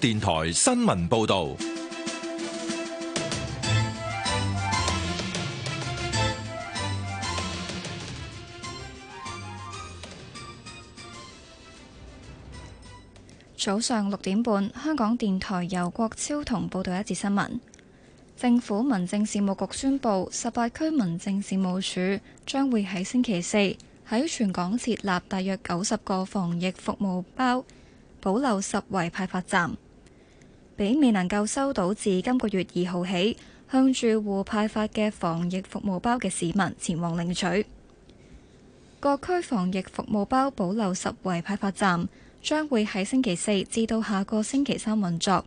電台新聞報道：早上六點半，香港電台由郭超同報道一節新聞。政府民政事務局宣布，十八區民政事務處將會喺星期四喺全港設立大約九十個防疫服務包，保留十圍派發站。俾未能夠收到自今個月二號起向住戶派發嘅防疫服務包嘅市民前往領取。各區防疫服務包保留十位派發站，將會喺星期四至到下個星期三運作。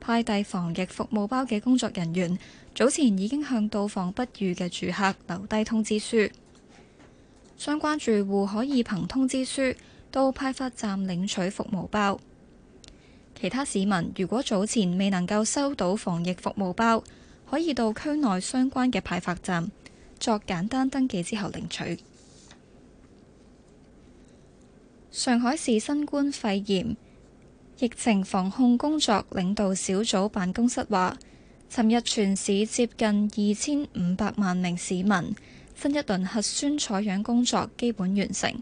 派遞防疫服務包嘅工作人員早前已經向到訪不遇嘅住客留低通知書，相關住戶可以憑通知書到派發站領取服務包。其他市民如果早前未能夠收到防疫服務包，可以到區內相關嘅派發站作簡單登記之後領取。上海市新冠肺炎疫情防控工作領導小組辦公室話，尋日全市接近二千五百萬名市民，新一輪核酸採樣工作基本完成，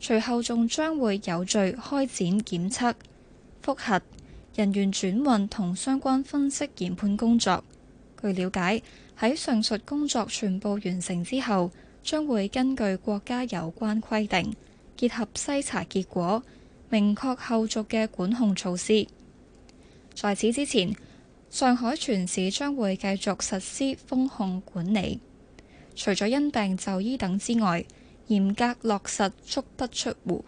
隨後仲將會有序開展檢測。復核人員轉運同相關分析研判工作。據了解，喺上述工作全部完成之後，將會根據國家有關規定，結合篩查結果，明確後續嘅管控措施。在此之前，上海全市將會繼續實施封控管理，除咗因病就醫等之外，嚴格落實足不出戶。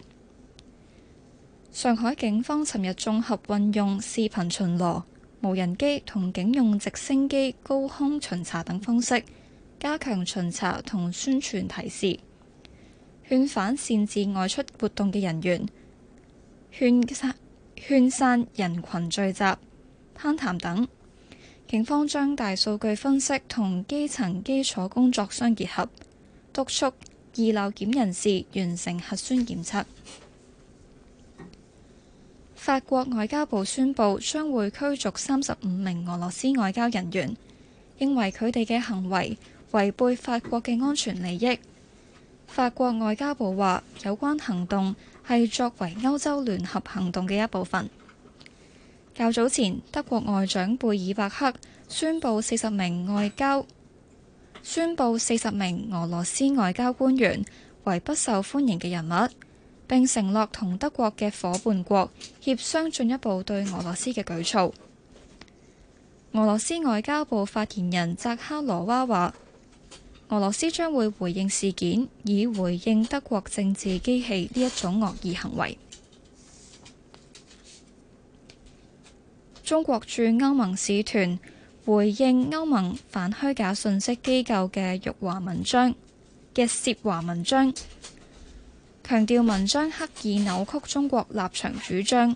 上海警方尋日綜合運用視頻巡邏、無人機同警用直升機高空巡查等方式，加強巡查同宣傳提示，勸返擅自外出活動嘅人員勸，勸散人群聚集、攀談等。警方將大數據分析同基層基礎工作相結合，督促易漏檢人士完成核酸檢測。法國外交部宣布將會驅逐三十五名俄羅斯外交人員，認為佢哋嘅行為違背法國嘅安全利益。法國外交部話，有關行動係作為歐洲聯合行動嘅一部分。較早前，德國外長貝爾伯克宣布四十名外交宣布四十名俄羅斯外交官員為不受歡迎嘅人物。並承諾同德國嘅伙伴國協商進一步對俄羅斯嘅舉措。俄羅斯外交部發言人扎哈羅娃話，俄羅斯將會回應事件，以回應德國政治機器呢一種惡意行為。中國駐歐盟使團回應歐盟反虛假信息機構嘅辱華文章，嘅涉華文章。強調文章刻意扭曲中國立場主張，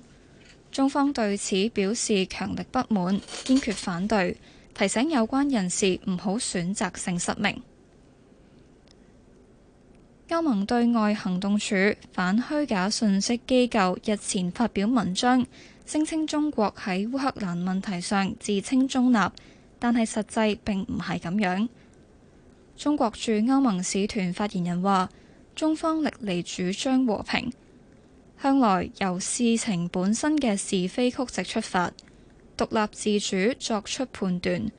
中方對此表示強烈不滿，堅決反對，提醒有關人士唔好選擇性失明。歐盟對外行動處反虛假信息機構日前發表文章，聲稱中國喺烏克蘭問題上自稱中立，但係實際並唔係咁樣。中國駐歐盟使團發言人話。中方歷嚟主張和平，向來由事情本身嘅是非曲直出發，獨立自主作出判斷，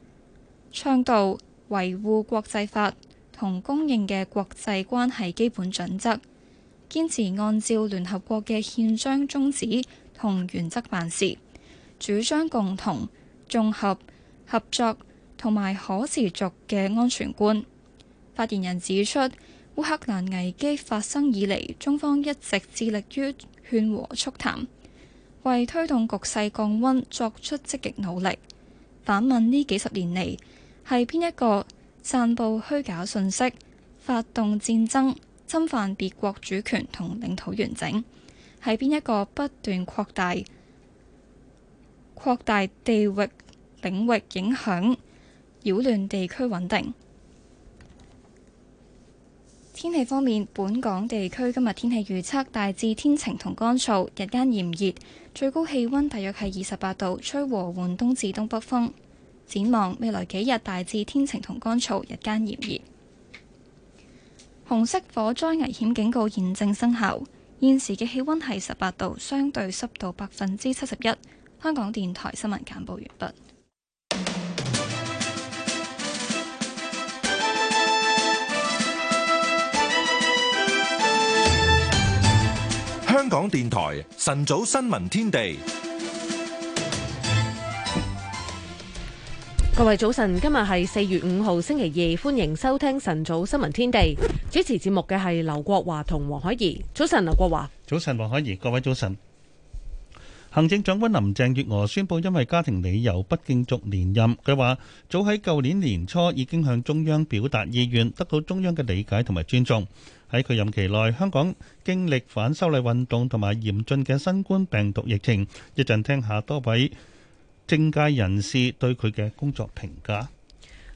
倡導維護國際法同公認嘅國際關係基本準則，堅持按照聯合國嘅憲章宗旨同原則辦事，主張共同、綜合、合作同埋可持續嘅安全觀。發言人指出：烏克蘭危機發生以嚟，中方一直致力於勸和促談，為推動局勢降温作出積極努力。反問呢幾十年嚟，係邊一個散布虛假信息、發動戰爭、侵犯別國主權同領土完整？係邊一個不斷擴大擴大地域領域影響、擾亂地區穩定？天氣方面，本港地區今日天氣預測，大致天晴同乾燥，日間炎熱，最高氣溫大約係二十八度，吹和緩東至東北風。展望未來幾日，大致天晴同乾燥，日間炎熱。紅色火災危險警告現正生效，現時嘅氣溫係十八度，相對濕度百分之七十一。香港電台新聞簡報完畢。香港電台晨早新聞天地，各位早晨，今日係四月五號星期二，歡迎收聽晨早新聞天地。主持節目嘅係劉國華同黃海怡。早晨，劉國華。早晨，黃海怡。各位早晨。行政長官林鄭月娥宣布，因為家庭理由不競逐連任。佢話：早喺舊年年初已經向中央表達意願，得到中央嘅理解同埋尊重。喺佢任期內，香港經歷反修例運動同埋嚴峻嘅新冠病毒疫情。一陣聽下多位政界人士對佢嘅工作評價。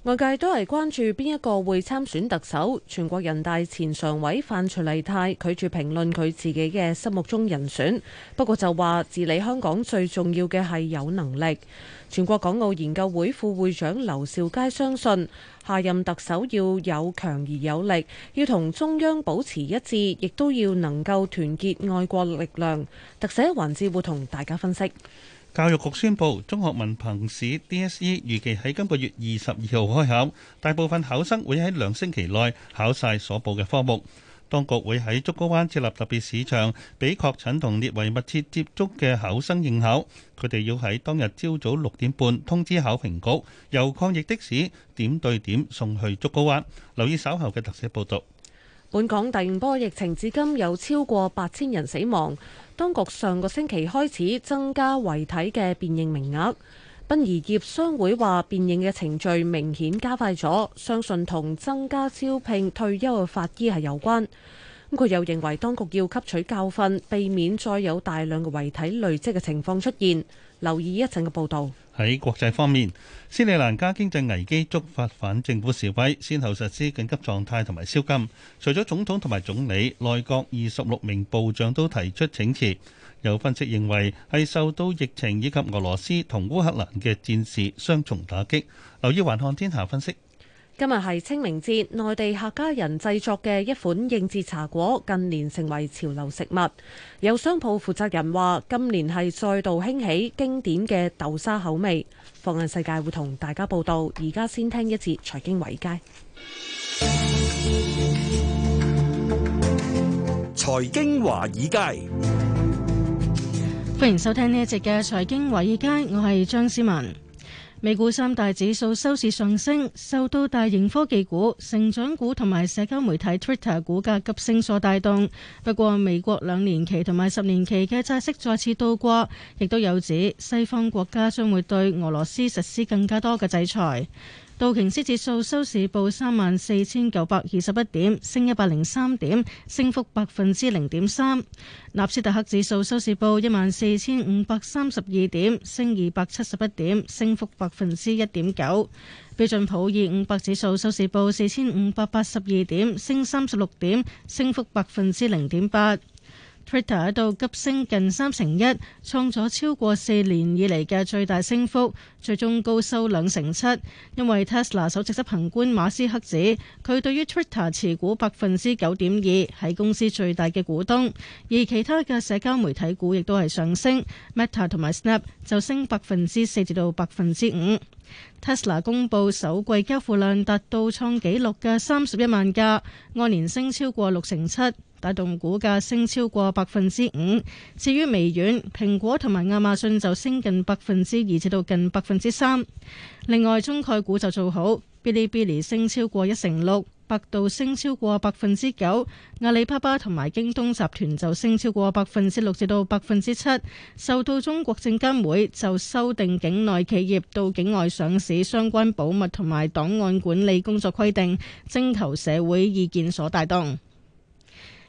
外界都係關注邊一個會參選特首，全國人大前常委范徐麗泰拒絕評論佢自己嘅心目中人選，不過就話治理香港最重要嘅係有能力。全國港澳研究會副會長劉兆佳相信，下任特首要有強而有力，要同中央保持一致，亦都要能夠團結愛國力量。特寫環節會同大家分析。教育局宣布，中學文憑試 DSE 預期喺今個月二十二號開考，大部分考生會喺兩星期內考曬所報嘅科目。當局會喺竹篙灣設立特別試場，俾確診同列為密切接觸嘅考生應考。佢哋要喺當日朝早六點半通知考評局，由抗疫的士點對點送去竹篙灣。留意稍後嘅特寫報道。本港第五波疫情至今有超過八千人死亡。當局上個星期開始增加遺體嘅辨認名額，殯儀業商會話辨認嘅程序明顯加快咗，相信同增加招聘退休嘅法醫係有關。咁佢又認為當局要吸取教訓，避免再有大量嘅遺體累積嘅情況出現。留意一陣嘅報道。喺國際方面，斯里蘭卡經濟危機觸發反政府示威，先後實施緊急狀態同埋宵禁。除咗總統同埋總理，內閣二十六名部長都提出請辭。有分析認為係受到疫情以及俄羅斯同烏克蘭嘅戰事雙重打擊。留意環看天下分析。今日係清明節，內地客家人製作嘅一款應節茶果，近年成為潮流食物。有商鋪負責人話，今年係再度興起經典嘅豆沙口味。放眼世界會同大家報道，而家先聽一節財經華爾街。財經華爾街，歡迎收聽呢一節嘅財經華爾街，我係張思文。美股三大指數收市上升，受到大型科技股、成長股同埋社交媒體 Twitter 股價急升所帶動。不過，美國兩年期同埋十年期嘅債息再次倒掛，亦都有指西方國家將會對俄羅斯實施更加多嘅制裁。道瓊斯指數收市報三萬四千九百二十一點，升一百零三點，升幅百分之零點三。納斯達克指數收市報一萬四千五百三十二點，升二百七十一點，升幅百分之一點九。標準普爾五百指數收市報四千五百八十二點，升三十六點，升幅百分之零點八。Twitter 喺度急升近三成一，創咗超過四年以嚟嘅最大升幅，最終高收兩成七。因為 Tesla 首席執行官馬斯克指佢對於 Twitter 持股百分之九點二，係公司最大嘅股東。而其他嘅社交媒體股亦都係上升，Meta 同埋 Snap 就升百分之四至到百分之五。Tesla 公佈首季交付量達到創紀錄嘅三十一萬架，按年升超過六成七。帶動股價升超過百分之五。至於微軟、蘋果同埋亞馬遜就升近百分之二，至到近百分之三。另外，中概股就做好，嗶哩嗶哩升超過一成六，百度升超過百分之九，阿里巴巴同埋京東集團就升超過百分之六，至到百分之七。受到中國證監會就修訂境內企業到境外上市相關保密同埋檔案管理工作規定，徵求社會意見所帶動。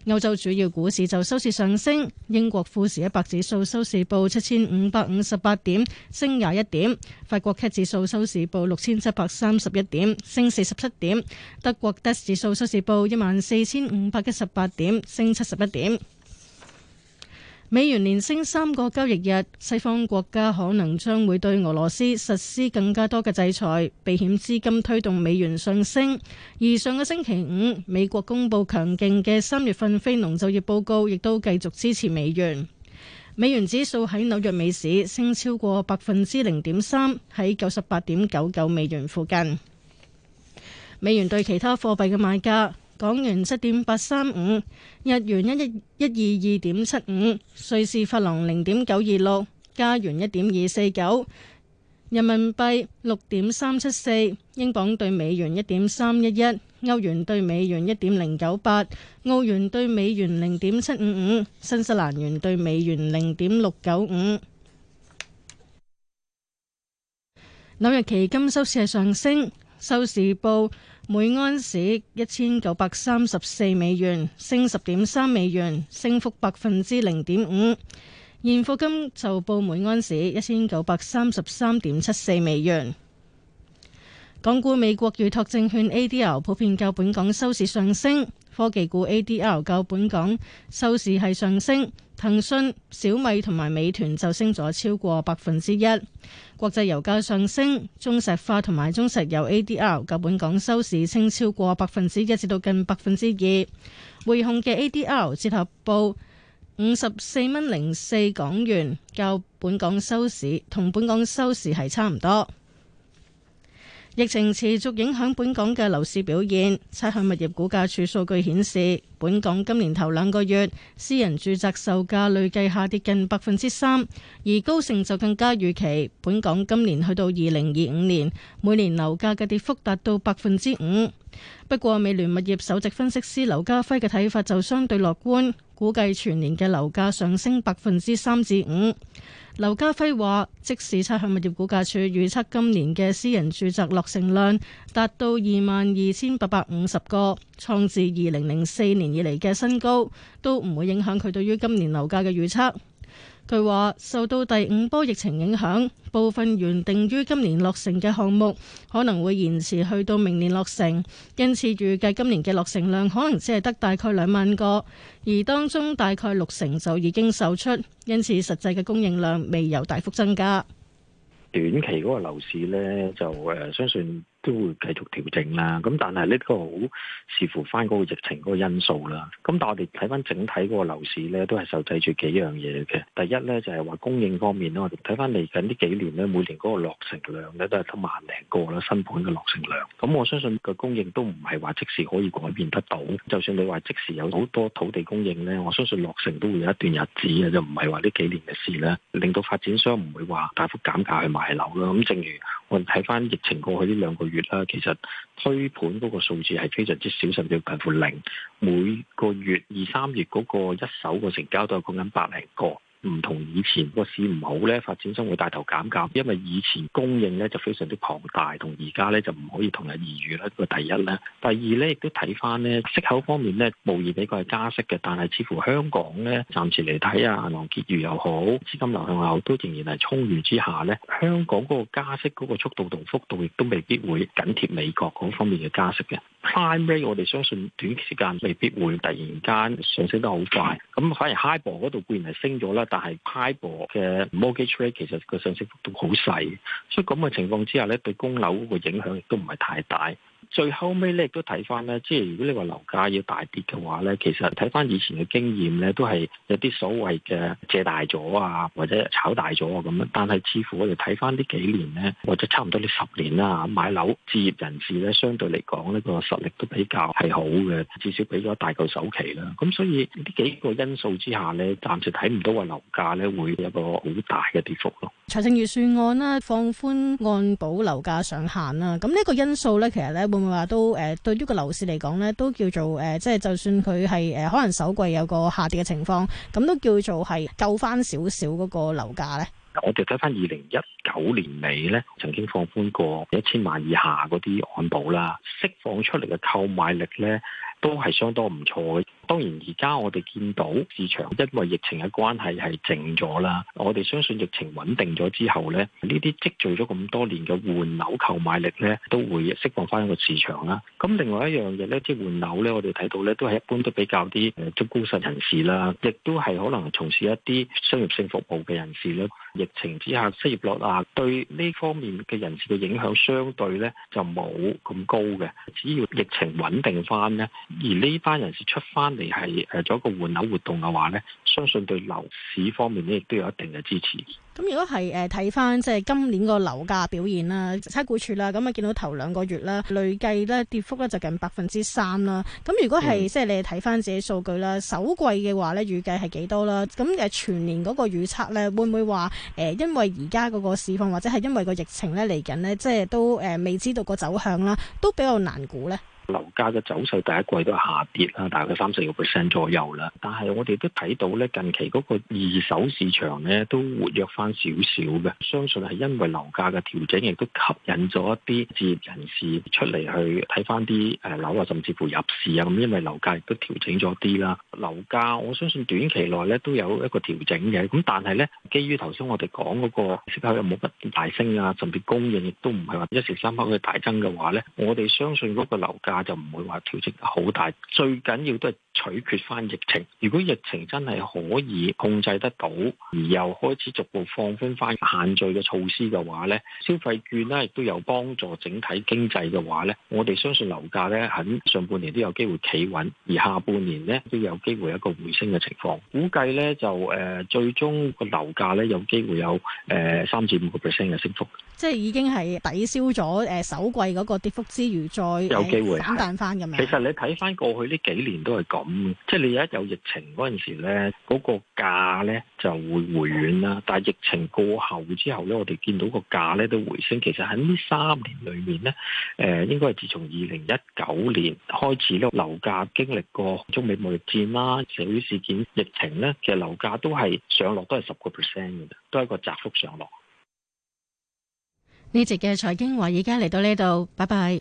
歐洲主要股市就收市上升，英國富時一百指數收市報七千五百五十八點，升廿一點；法國 CAC 指數收市報六千七百三十一點，升四十七點；德國 DAX 指數收市報一萬四千五百一十八點，升七十一點。美元連升三個交易日，西方國家可能將會對俄羅斯實施更加多嘅制裁，避險資金推動美元上升。而上個星期五，美國公佈強勁嘅三月份非農就業報告，亦都繼續支持美元。美元指數喺紐約美市升超過百分之零點三，喺九十八點九九美元附近。美元對其他貨幣嘅買家。港元七點八三五，日元一一一二二點七五，瑞士法郎零點九二六，加元一點二四九，人民幣六點三七四，英鎊對美元一點三一一，歐元對美元一點零九八，澳元對美元零點七五五，新西蘭元對美元零點六九五。紐約期金收市上升，收市報，每盎司一千九百三十四美元，升十點三美元，升幅百分之零點五。現貨金就報每盎司一千九百三十三點七四美元。港股美國預託證券 A D L 普遍較本港收市上升。科技股 A D R 較本港收市係上升，騰訊、小米同埋美團就升咗超過百分之一。國際油價上升，中石化同埋中石油 A D R 較本港收市升超過百分之一至到近百分之二。匯控嘅 A D R 折合報五十四蚊零四港元，較本港收市同本港收市係差唔多。疫情持續影響本港嘅樓市表現。差餉物業估價署數據顯示，本港今年頭兩個月私人住宅售價累計下跌近百分之三，而高盛就更加預期本港今年去到二零二五年，每年樓價嘅跌幅達到百分之五。不過，美聯物業首席分析師劉家輝嘅睇法就相對樂觀，估計全年嘅樓價上升百分之三至五。劉家輝話，即使差餉物業估價署預測今年嘅私人住宅落成量達到二萬二千八百五十個，創自二零零四年以嚟嘅新高，都唔會影響佢對於今年樓價嘅預測。佢話受到第五波疫情影響，部分原定於今年落成嘅項目可能會延遲去到明年落成，因此預計今年嘅落成量可能只係得大概兩萬個，而當中大概六成就已經售出，因此實際嘅供應量未有大幅增加。短期嗰個樓市呢，就誒、呃、相信都會繼續調整啦，咁但係呢個好視乎翻嗰個疫情嗰個因素啦。咁但係我哋睇翻整體嗰個樓市呢，都係受制住幾樣嘢嘅。第一呢，就係話供應方面啦，我哋睇翻嚟緊呢幾年呢，每年嗰個落成量呢，都係得萬零個啦，新盤嘅落成量。咁我相信個供應都唔係話即時可以改變得到。就算你話即時有好多土地供應呢，我相信落成都會有一段日子嘅，就唔係話呢幾年嘅事咧，令到發展商唔會話大幅減價去賣樓啦。咁正如。我睇翻疫情過去呢兩個月啦，其實推盤嗰個數字係非常之少，甚至近乎零。每個月二、三月嗰個一手個成交都係講緊百零個。唔同以前個市唔好咧，發展商會大頭減價，因為以前供應咧就非常之龐大，同而家咧就唔可以同日而語咧。個第一咧，第二咧，亦都睇翻咧，息口方面咧，無疑比較係加息嘅，但係似乎香港咧，暫時嚟睇啊，銀行結餘又好，資金流向又好，都仍然係充裕之下咧，香港嗰個加息嗰個速度同幅度亦都未必會緊貼美國嗰方面嘅加息嘅。Prime rate 我哋相信短時間未必會突然間上升得好快，咁反而 HIBOR 嗰度，固然係升咗啦，但係 HIBOR 嘅 mortgage rate 其實個上升幅度好細，所以咁嘅情況之下咧，對供樓個影響亦都唔係太大。最後尾咧，亦都睇翻咧，即係如果你話樓價要大跌嘅話咧，其實睇翻以前嘅經驗咧，都係有啲所謂嘅借大咗啊，或者炒大咗啊咁樣。但係似乎我哋睇翻呢幾年咧，或者差唔多呢十年啦，買樓置業人士咧，相對嚟講呢個實力都比較係好嘅，至少俾咗大嚿首期啦。咁所以呢幾個因素之下咧，暫時睇唔到話樓價咧會有個好大嘅跌幅咯。財政預算案啦，放寬按保樓價上限啦，咁呢個因素咧，其實咧會唔會話都誒、呃，對於呢個樓市嚟講咧，都叫做誒，即、呃、係、就是、就算佢係誒，可能首季有個下跌嘅情況，咁都叫做係救翻少少嗰個樓價咧。我哋睇翻二零一九年尾咧，曾經放寬過一千萬以下嗰啲按保啦，釋放出嚟嘅購買力咧，都係相當唔錯嘅。當然，而家我哋見到市場因為疫情嘅關係係靜咗啦。我哋相信疫情穩定咗之後咧，呢啲積聚咗咁多年嘅換樓購買力咧，都會釋放返個市場啦。咁另外一樣嘢咧，即係換樓咧，我哋睇到咧，都係一般都比較啲誒中高薪人士啦，亦都係可能從事一啲商業性服務嘅人士咧。疫情之下，失業率啊，對呢方面嘅人士嘅影響相對咧就冇咁高嘅。只要疫情穩定翻咧，而呢班人士出翻嚟係誒做一個換樓活動嘅話咧。相信對樓市方面咧，亦都有一定嘅支持。咁如果係誒睇翻即係今年個樓價表現啦，差估處啦，咁啊見到頭兩個月啦，累計咧跌幅咧就近百分之三啦。咁如果係、嗯、即係你睇翻自己數據啦，首季嘅話咧預計係幾多啦？咁誒全年嗰個預測咧，會唔會話誒、呃、因為而家嗰個市況或者係因為個疫情咧嚟緊呢，即係都誒、呃、未知道個走向啦，都比較難估咧。樓價嘅走勢第一季都係下跌啦，大概三四個 percent 左右啦。但係我哋都睇到咧，近期嗰個二手市場咧都活躍翻少少嘅，相信係因為樓價嘅調整，亦都吸引咗一啲置業人士出嚟去睇翻啲誒樓啊，甚至乎入市啊咁。因為樓價亦都調整咗啲啦，樓價我相信短期內咧都有一個調整嘅。咁但係咧，基於頭先我哋講嗰個息口又冇乜大升啊，甚至供應亦都唔係話一時三刻去大增嘅話咧，我哋相信嗰個樓價，就唔會話調整好大，最緊要都係取決翻疫情。如果疫情真係可以控制得到，而又開始逐步放寬翻限聚嘅措施嘅話咧，消費券咧亦都有幫助整體經濟嘅話咧，我哋相信樓價咧喺上半年都有機會企穩，而下半年咧都有機會一個回升嘅情況，估計咧就誒最終個樓價咧有機會有誒三至五個 percent 嘅升幅，即係已經係抵消咗誒首季嗰個跌幅之餘再有，嗯、機會。翻咁樣，其實你睇翻過去呢幾年都係咁，即係你一有疫情嗰陣時咧，嗰個價咧就會回軟啦。但係疫情過後之後咧，我哋見到個價咧都回升。其實喺呢三年裏面咧，誒，應該係自從二零一九年開始咧，樓價經歷過中美貿易戰啦、社會事件、疫情咧，其實樓價都係上落都係十個 percent 嘅，都係一個窄幅上落。呢節嘅財經話，而家嚟到呢度，拜拜。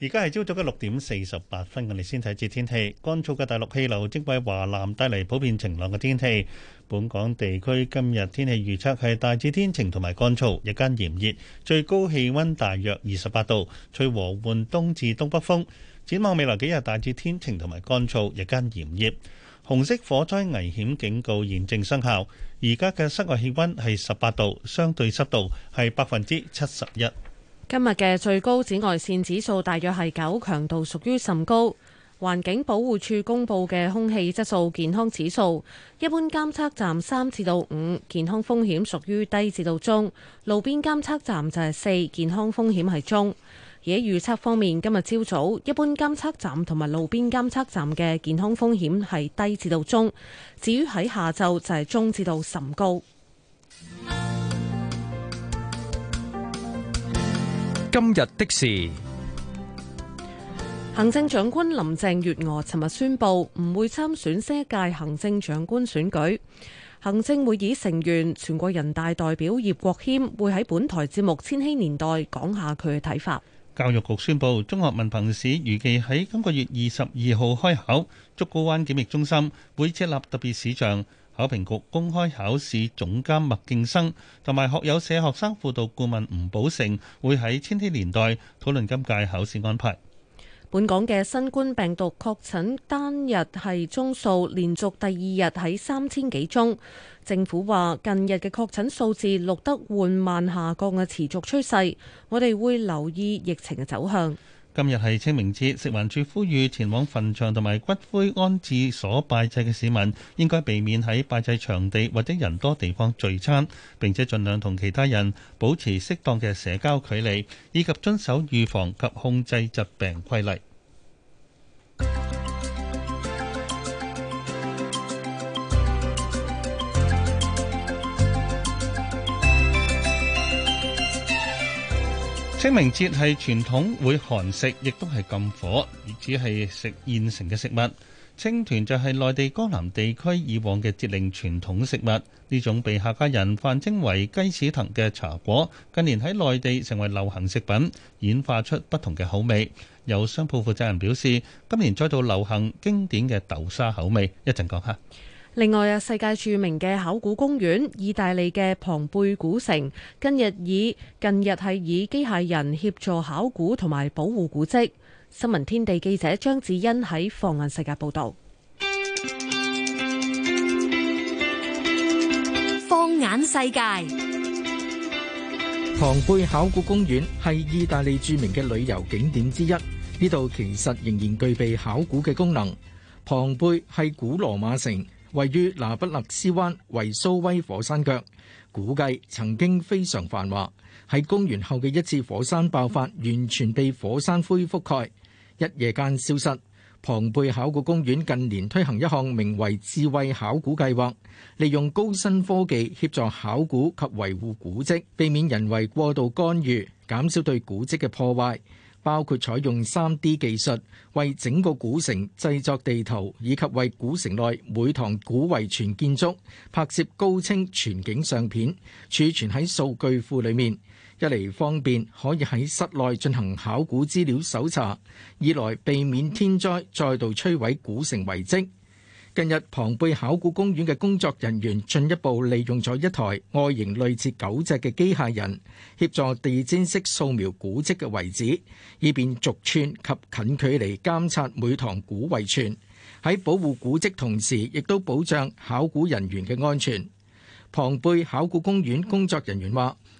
而家係朝早嘅六點四十八分，我哋先睇住天氣。乾燥嘅大陸氣流即為華南，帶嚟普遍晴朗嘅天氣。本港地區今日天氣預測係大致天晴同埋乾燥，日間炎熱，最高氣温大約二十八度，吹和緩東至東北風。展望未來幾日，大致天晴同埋乾燥，日間炎熱。紅色火災危險警告現正生效。而家嘅室外氣温係十八度，相對濕度係百分之七十一。今日嘅最高紫外線指數大約係九，強度屬於甚高。環境保護署公布嘅空氣質素健康指數，一般監測站三至到五，健康風險屬於低至到中；路邊監測站就係四，健康風險係中。而喺預測方面，今日朝早一般監測站同埋路邊監測站嘅健康風險係低至到中，至於喺下晝就係中至到甚高。今日的事，行政長官林鄭月娥尋日宣布唔會參選下一屆行政長官選舉。行政會議成員、全國人大代表葉國謙會喺本台節目《千禧年代》講下佢嘅睇法。教育局宣布，中學文憑試預計喺今個月二十二號開考。竹篙灣檢疫中心會設立特別市場。考評局公開考試總監麥敬生同埋學友社學生輔導顧問吳寶成會喺《千禧年代》討論今屆考試安排。本港嘅新冠病毒確診單日係宗數，連續第二日喺三千幾宗，政府話近日嘅確診數字錄得緩慢下降嘅持續趨勢，我哋會留意疫情嘅走向。今日係清明節，食環署呼籲前往墳場同埋骨灰安置所拜祭嘅市民，應該避免喺拜祭場地或者人多地方聚餐，並且盡量同其他人保持適當嘅社交距離，以及遵守預防及控制疾病規例。清明節係傳統會寒食，亦都係禁火，而只係食現成嘅食物。青團就係內地江南地區以往嘅節令傳統食物，呢種被客家人泛稱為雞屎藤嘅茶果，近年喺內地成為流行食品，演化出不同嘅口味。有商鋪負責人表示，今年再度流行經典嘅豆沙口味，一陣講下。另外啊，世界著名嘅考古公園，意大利嘅龐貝古城，今日以近日係以機械人協助考古同埋保護古蹟。新聞天地記者張子欣喺放眼世界報道。放眼世界，龐貝考古公園係意大利著名嘅旅遊景點之一。呢度其實仍然具備考古嘅功能。龐貝係古羅馬城。位於拿不勒斯灣維蘇威火山腳，估計曾經非常繁華。喺公元後嘅一次火山爆發，完全被火山灰覆蓋，一夜間消失。龐貝考古公園近年推行一項名為智慧考古計劃，利用高新科技協助考古及維護古蹟，避免人為過度干預，減少對古蹟嘅破壞。包括採用 3D 技術為整個古城製作地圖，以及為古城內每堂古遺存建築拍攝高清全景相片，儲存喺數據庫裡面。一嚟方便可以喺室內進行考古資料搜查，二來避免天災再度摧毀古城遺跡。近日，龐貝考古公園嘅工作人員進一步利用咗一台外形類似狗隻嘅機械人，協助地氈式掃描古跡嘅遺址，以便逐寸及近距離監察每堂古遺存，喺保護古跡同時，亦都保障考古人員嘅安全。龐貝考古公園工作人員話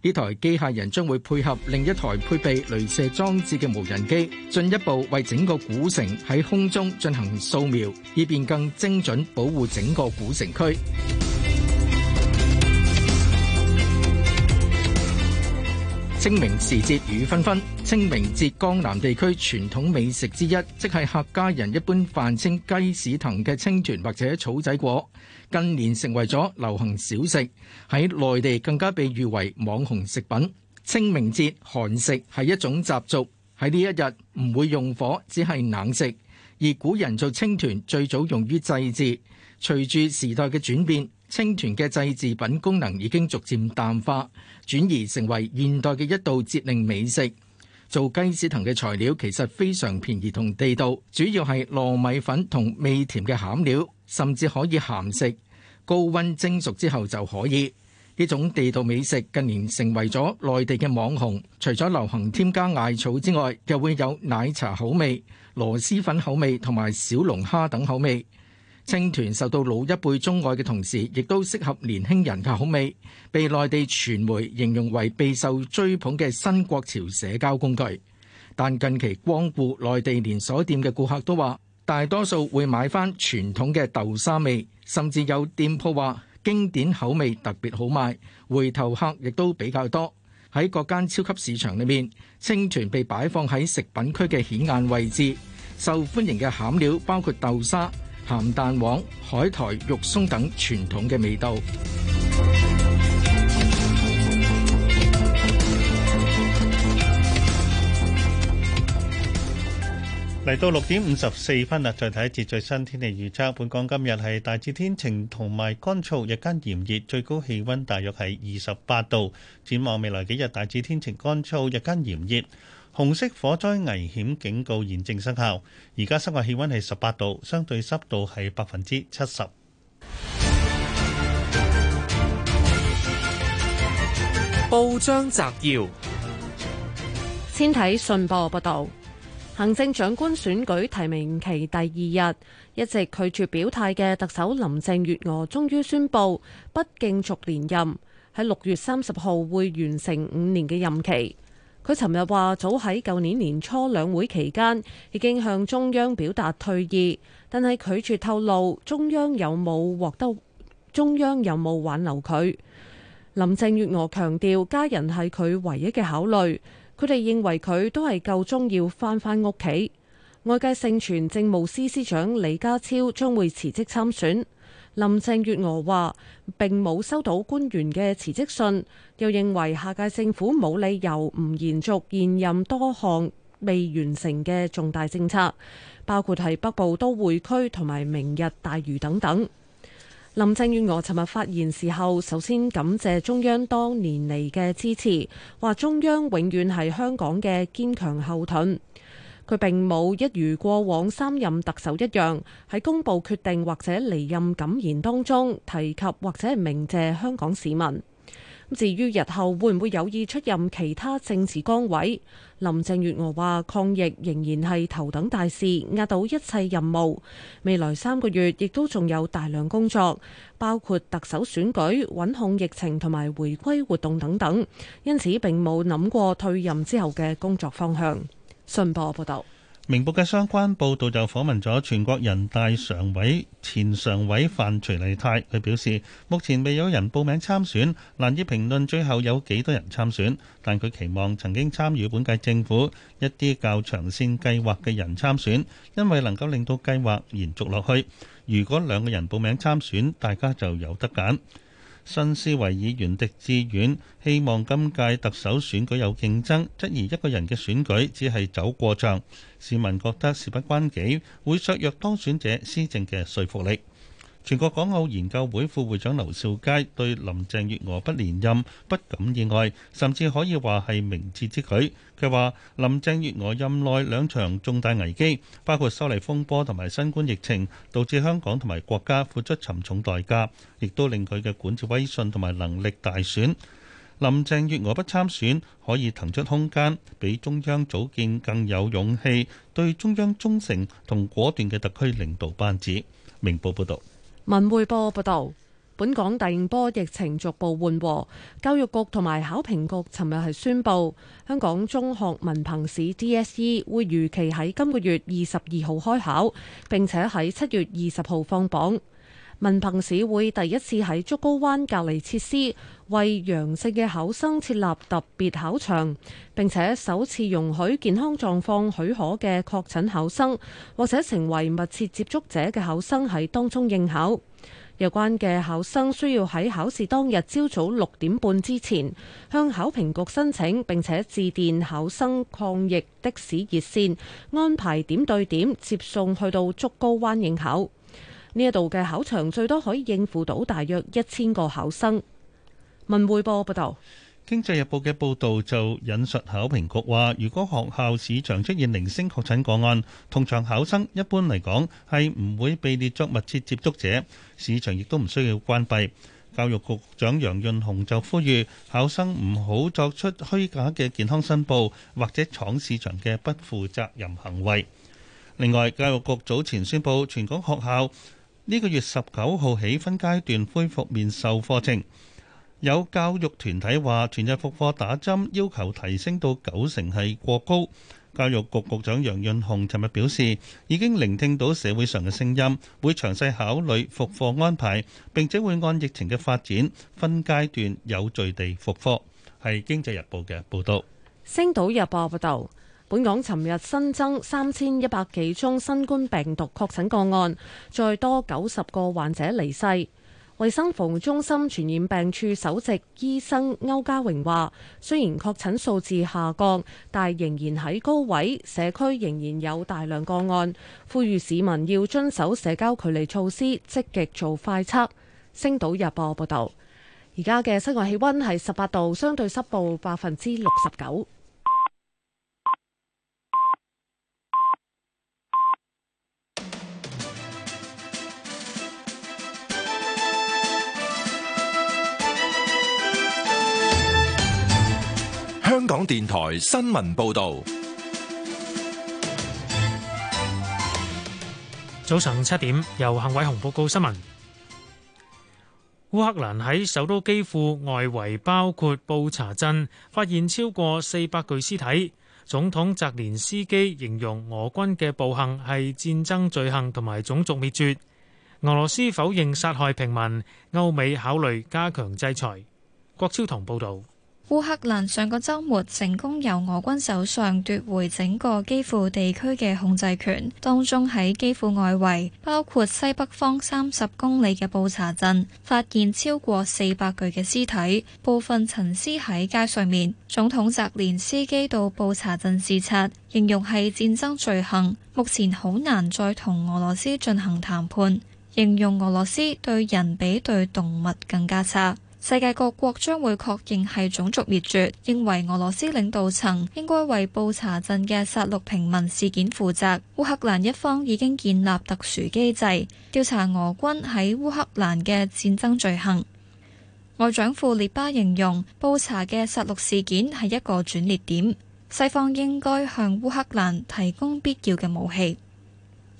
呢台機械人將會配合另一台配備雷射裝置嘅無人機，進一步為整個古城喺空中進行掃描，以便更精準保護整個古城區。清明時節雨紛紛。清明節江南地區傳統美食之一，即係客家人一般泛稱雞屎藤嘅青團或者草仔果。近年成為咗流行小食，喺內地更加被譽為網紅食品。清明節寒食係一種習俗，喺呢一日唔會用火，只係冷食。而古人做青團最早用於祭祀，隨住時代嘅轉變，青團嘅祭祀品功能已經逐漸淡化。轉移成為現代嘅一道節令美食。做雞屎藤嘅材料其實非常便宜同地道。主要係糯米粉同味甜嘅餡料，甚至可以鹹食。高溫蒸熟之後就可以。呢種地道美食近年成為咗內地嘅網紅。除咗流行添加艾草之外，又會有奶茶口味、螺絲粉口味同埋小龍蝦等口味。青團受到老一輩鍾愛嘅同時，亦都適合年輕人嘅口味，被內地傳媒形容為備受追捧嘅新國潮社交工具。但近期光顧內地連鎖店嘅顧客都話，大多數會買返傳統嘅豆沙味，甚至有店鋪話經典口味特別好賣，回頭客亦都比較多。喺各間超級市場裏面，青團被擺放喺食品區嘅顯眼位置，受歡迎嘅餡料包括豆沙。鹹蛋黃、海苔、肉鬆等傳統嘅味道。嚟到六點五十四分啦，再睇一節最新天氣預測。本港今日係大致天晴同埋乾燥，日間炎熱，最高氣温大約係二十八度。展望未來幾日，大致天晴乾燥，日間炎熱。紅色火災危險警告現正生效。而家室外氣溫係十八度，相對濕度係百分之七十。報章摘要，先睇信報報道：行政長官選舉提名期第二日，一直拒絕表態嘅特首林鄭月娥終於宣布不競逐連任，喺六月三十號會完成五年嘅任期。佢尋日話：早喺舊年年初兩會期間已經向中央表達退意，但係拒絕透露中央有冇獲得中央有冇挽留佢。林鄭月娥強調，家人係佢唯一嘅考慮，佢哋認為佢都係夠鐘要翻返屋企。外界盛傳政務司司長李家超將會辭職參選。林鄭月娥話：並冇收到官員嘅辭職信，又認為下屆政府冇理由唔延續現任多項未完成嘅重大政策，包括係北部都會區同埋明日大嶼等等。林鄭月娥尋日發言時候，首先感謝中央當年嚟嘅支持，話中央永遠係香港嘅堅強後盾。佢並冇一如過往三任特首一樣，喺公布決定或者離任感言當中提及或者係鳴謝香港市民。至於日後會唔會有意出任其他政治崗位，林鄭月娥話抗疫仍然係頭等大事，壓倒一切任務。未來三個月亦都仲有大量工作，包括特首選舉、穩控疫情同埋回歸活動等等，因此並冇諗過退任之後嘅工作方向。信報報道，明報嘅相關報導就訪問咗全國人大常委前常委范徐麗泰，佢表示目前未有人報名參選，難以評論最後有幾多人參選。但佢期望曾經參與本屆政府一啲較長線計劃嘅人參選，因為能夠令到計劃延續落去。如果兩個人報名參選，大家就有得揀。新思維議員狄志遠希望今屆特首選舉有競爭，質疑一個人嘅選舉只係走過場，市民覺得事不關己，會削弱當選者施政嘅說服力。全國港澳研究會副會長劉兆佳對林鄭月娥不連任不感意外，甚至可以話係明智之舉。佢話：林鄭月娥任內兩場重大危機，包括修例風波同埋新冠疫情，導致香港同埋國家付出沉重代價，亦都令佢嘅管治威信同埋能力大損。林鄭月娥不參選可以騰出空間，俾中央組建更有勇氣、對中央忠誠同果斷嘅特區領導班子。明報報導。文匯報報道，本港第二波疫情逐步緩和，教育局同埋考評局尋日係宣布，香港中學文憑試 DSE 會如期喺今個月二十二號開考，並且喺七月二十號放榜。文憑試會第一次喺竹篙灣隔離設施為陽性嘅考生設立特別考場，並且首次容許健康狀況許可嘅確診考生或者成為密切接觸者嘅考生喺當中應考。有關嘅考生需要喺考試當日朝早六點半之前向考評局申請並且致電考生抗疫的士熱線，安排點對點接送去到竹篙灣應考。呢一度嘅考場最多可以應付到大約一千個考生。文匯報報道，經濟日報嘅報道就引述考評局話：如果學校市場出現零星確診個案，同場考生一般嚟講係唔會被列作密切接觸者，市場亦都唔需要關閉。教育局長楊潤雄就呼籲考生唔好作出虛假嘅健康申報或者闖市場嘅不負責任行為。另外，教育局早前宣布，全港學校。呢個月十九號起分階段恢復面授課程，有教育團體話全日復課打針要求提升到九成係過高。教育局局長楊潤雄尋日表示，已經聆聽到社會上嘅聲音，會詳細考慮復課安排，並且會按疫情嘅發展分階段有序地復課。係《經濟日報》嘅報導。《星島日報》報道。本港尋日新增三千一百幾宗新冠病毒確診個案，再多九十個患者離世。衛生防護中心傳染病處首席醫生歐家榮話：雖然確診數字下降，但仍然喺高位，社區仍然有大量個案。呼籲市民要遵守社交距離措施，積極做快測。星島日報報道，而家嘅室外氣温係十八度，相對濕度百分之六十九。香港電台新聞報道，早上七點，由幸偉雄報告新聞。烏克蘭喺首都基輔外圍，包括布查鎮，發現超過四百具屍體。總統澤連斯基形容俄軍嘅暴行係戰爭罪行同埋種族滅絕。俄羅斯否認殺害平民，歐美考慮加強制裁。郭超同報道。烏克蘭上個週末成功由俄軍手上奪回整個基輔地區嘅控制權，當中喺基輔外圍，包括西北方三十公里嘅布查鎮，發現超過四百具嘅屍體，部分陳屍喺街上面。總統澤連斯基到布查鎮視察，形容係戰爭罪行，目前好難再同俄羅斯進行談判，形容俄羅斯對人比對動物更加差。世界各國將會確認係種族滅絕，認為俄羅斯領導層應該為布查鎮嘅殺戮平民事件負責。烏克蘭一方已經建立特殊機制，調查俄軍喺烏克蘭嘅戰爭罪行。外長庫列巴形容，布查嘅殺戮事件係一個轉捩點，西方應該向烏克蘭提供必要嘅武器。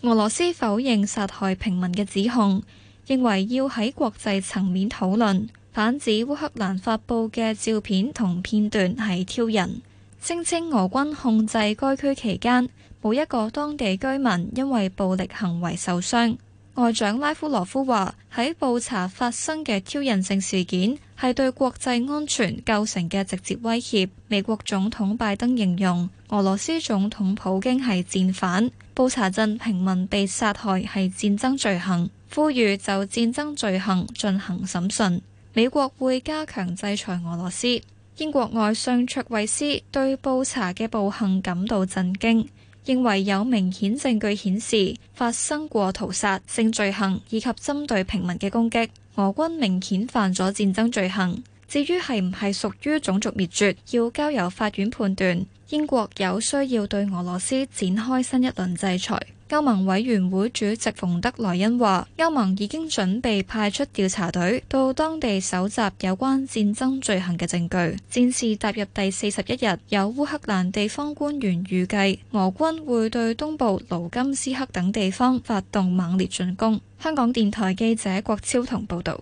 俄羅斯否認殺害平民嘅指控，認為要喺國際層面討論。反指烏克蘭發布嘅照片同片段係挑釁，聲稱俄軍控制該區期間冇一個當地居民因為暴力行為受傷。外長拉夫羅夫話：喺布查發生嘅挑釁性事件係對國際安全構成嘅直接威脅。美國總統拜登形容俄羅斯總統普京係戰犯，布查鎮平民被殺害係戰爭罪行，呼籲就戰爭罪行進行審訊。美國會加強制裁俄羅斯。英國外相卓維斯對布查嘅暴行感到震驚，認為有明顯證據顯示發生過屠殺、性罪行以及針對平民嘅攻擊。俄軍明顯犯咗戰爭罪行。至於係唔係屬於種族滅絕，要交由法院判斷。英國有需要對俄羅斯展開新一輪制裁。歐盟委員會主席馮德萊恩話：歐盟已經準備派出調查隊到當地搜集有關戰爭罪行嘅證據。戰事踏入第四十一日，有烏克蘭地方官員預計俄軍會對東部盧甘斯克等地方發動猛烈進攻。香港電台記者郭超同報道：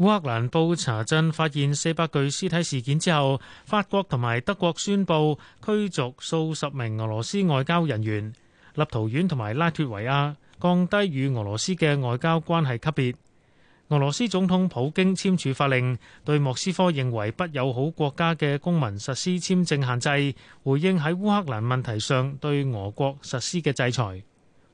烏克蘭布查鎮發現四百具屍體事件之後，法國同埋德國宣布驅逐數十名俄羅斯外交人員。立陶宛同埋拉脫維亞降低與俄羅斯嘅外交關係級別。俄羅斯總統普京簽署法令，對莫斯科認為不友好國家嘅公民實施簽證限制，回應喺烏克蘭問題上對俄國實施嘅制裁。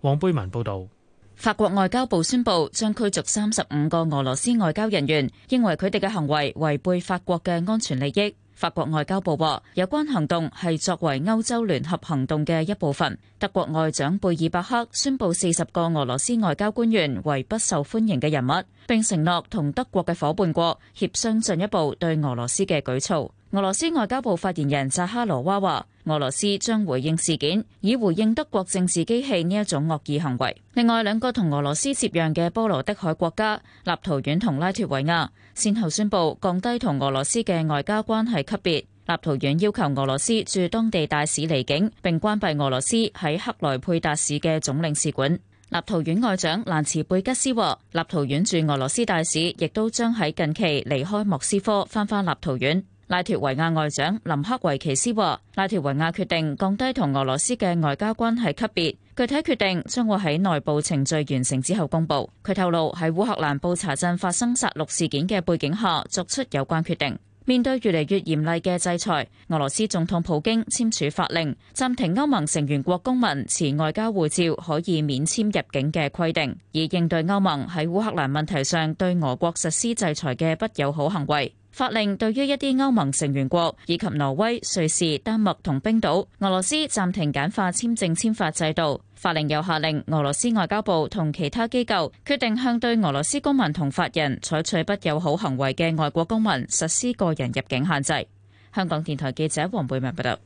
黃貝文報道。法國外交部宣布將驅逐三十五個俄羅斯外交人員，認為佢哋嘅行為違背法國嘅安全利益。法國外交部話，有關行動係作為歐洲聯合行動嘅一部分。德國外長貝爾伯克宣布四十個俄羅斯外交官員為不受歡迎嘅人物，並承諾同德國嘅伙伴國協商進一步對俄羅斯嘅舉措。俄羅斯外交部發言人扎哈羅娃話：俄羅斯將回應事件，以回應德國政治機器呢一種惡意行為。另外，兩個同俄羅斯接壤嘅波羅的海國家立陶宛同拉脫維亞先後宣布降低同俄羅斯嘅外交關係級別。立陶宛要求俄羅斯駐當地大使離境，並關閉俄羅斯喺克萊佩達市嘅總領事館。立陶宛外長蘭茨貝吉斯話：立陶宛駐俄羅斯大使亦都將喺近期離開莫斯科，翻返立陶宛。拉脫維亞外長林克維奇斯話：拉脫維亞決定降低同俄羅斯嘅外交關係級別，具體決定將會喺內部程序完成之後公布。佢透露喺烏克蘭布查鎮發生殺戮事件嘅背景下作出有關決定。面對越嚟越嚴厲嘅制裁，俄羅斯總統普京簽署法令，暫停歐盟成員國公民持外交護照可以免簽入境嘅規定，以應對歐盟喺烏克蘭問題上對俄國實施制裁嘅不友好行為。法令對於一啲歐盟成員國以及挪威、瑞士、丹麥同冰島、俄羅斯暫停簡化簽證簽發制度。法令又下令俄羅斯外交部同其他機構決定向對俄羅斯公民同法人採取不友好行為嘅外國公民實施個人入境限制。香港電台記者黃貝文報道。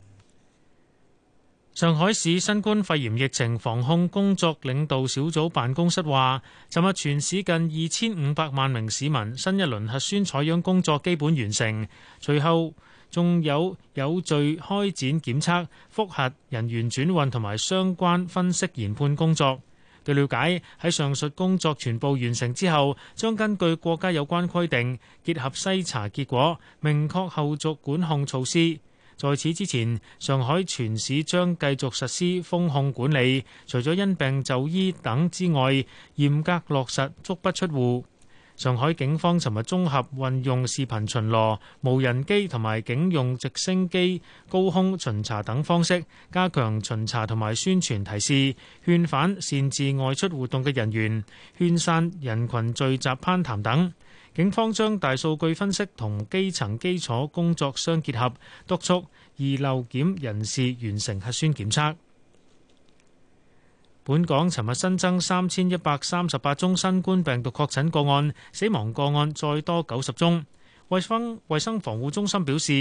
上海市新冠肺炎疫情防控工作領導小組辦公室話，尋日全市近二千五百萬名市民新一輪核酸採樣工作基本完成，隨後仲有有序開展檢測復核人員轉運同埋相關分析研判工作。據了解，喺上述工作全部完成之後，將根據國家有關規定，結合篩查結果，明確後續管控措施。在此之前，上海全市將繼續實施封控管理，除咗因病就醫等之外，嚴格落實足不出戶。上海警方尋日綜合運用視頻巡邏、無人機同埋警用直升機高空巡查等方式，加強巡查同埋宣傳提示，勸返擅自外出活動嘅人員，勸散人群聚集攀談等。警方將大數據分析同基層基礎工作相結合，督促易漏檢人士完成核酸檢測。本港尋日新增三千一百三十八宗新冠病毒確診個案，死亡個案再多九十宗。衞生衞生防護中心表示，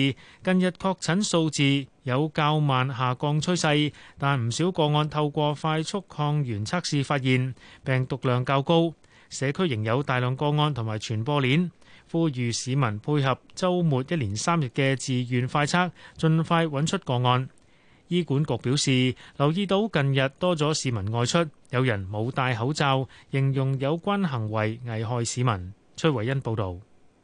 近日確診數字有較慢下降趨勢，但唔少個案透過快速抗原測試發現病毒量較高。社區仍有大量個案同埋傳播鏈，呼籲市民配合週末一連三日嘅自願快測，盡快揾出個案。醫管局表示，留意到近日多咗市民外出，有人冇戴口罩，形容有關行為危害市民。崔維恩報導。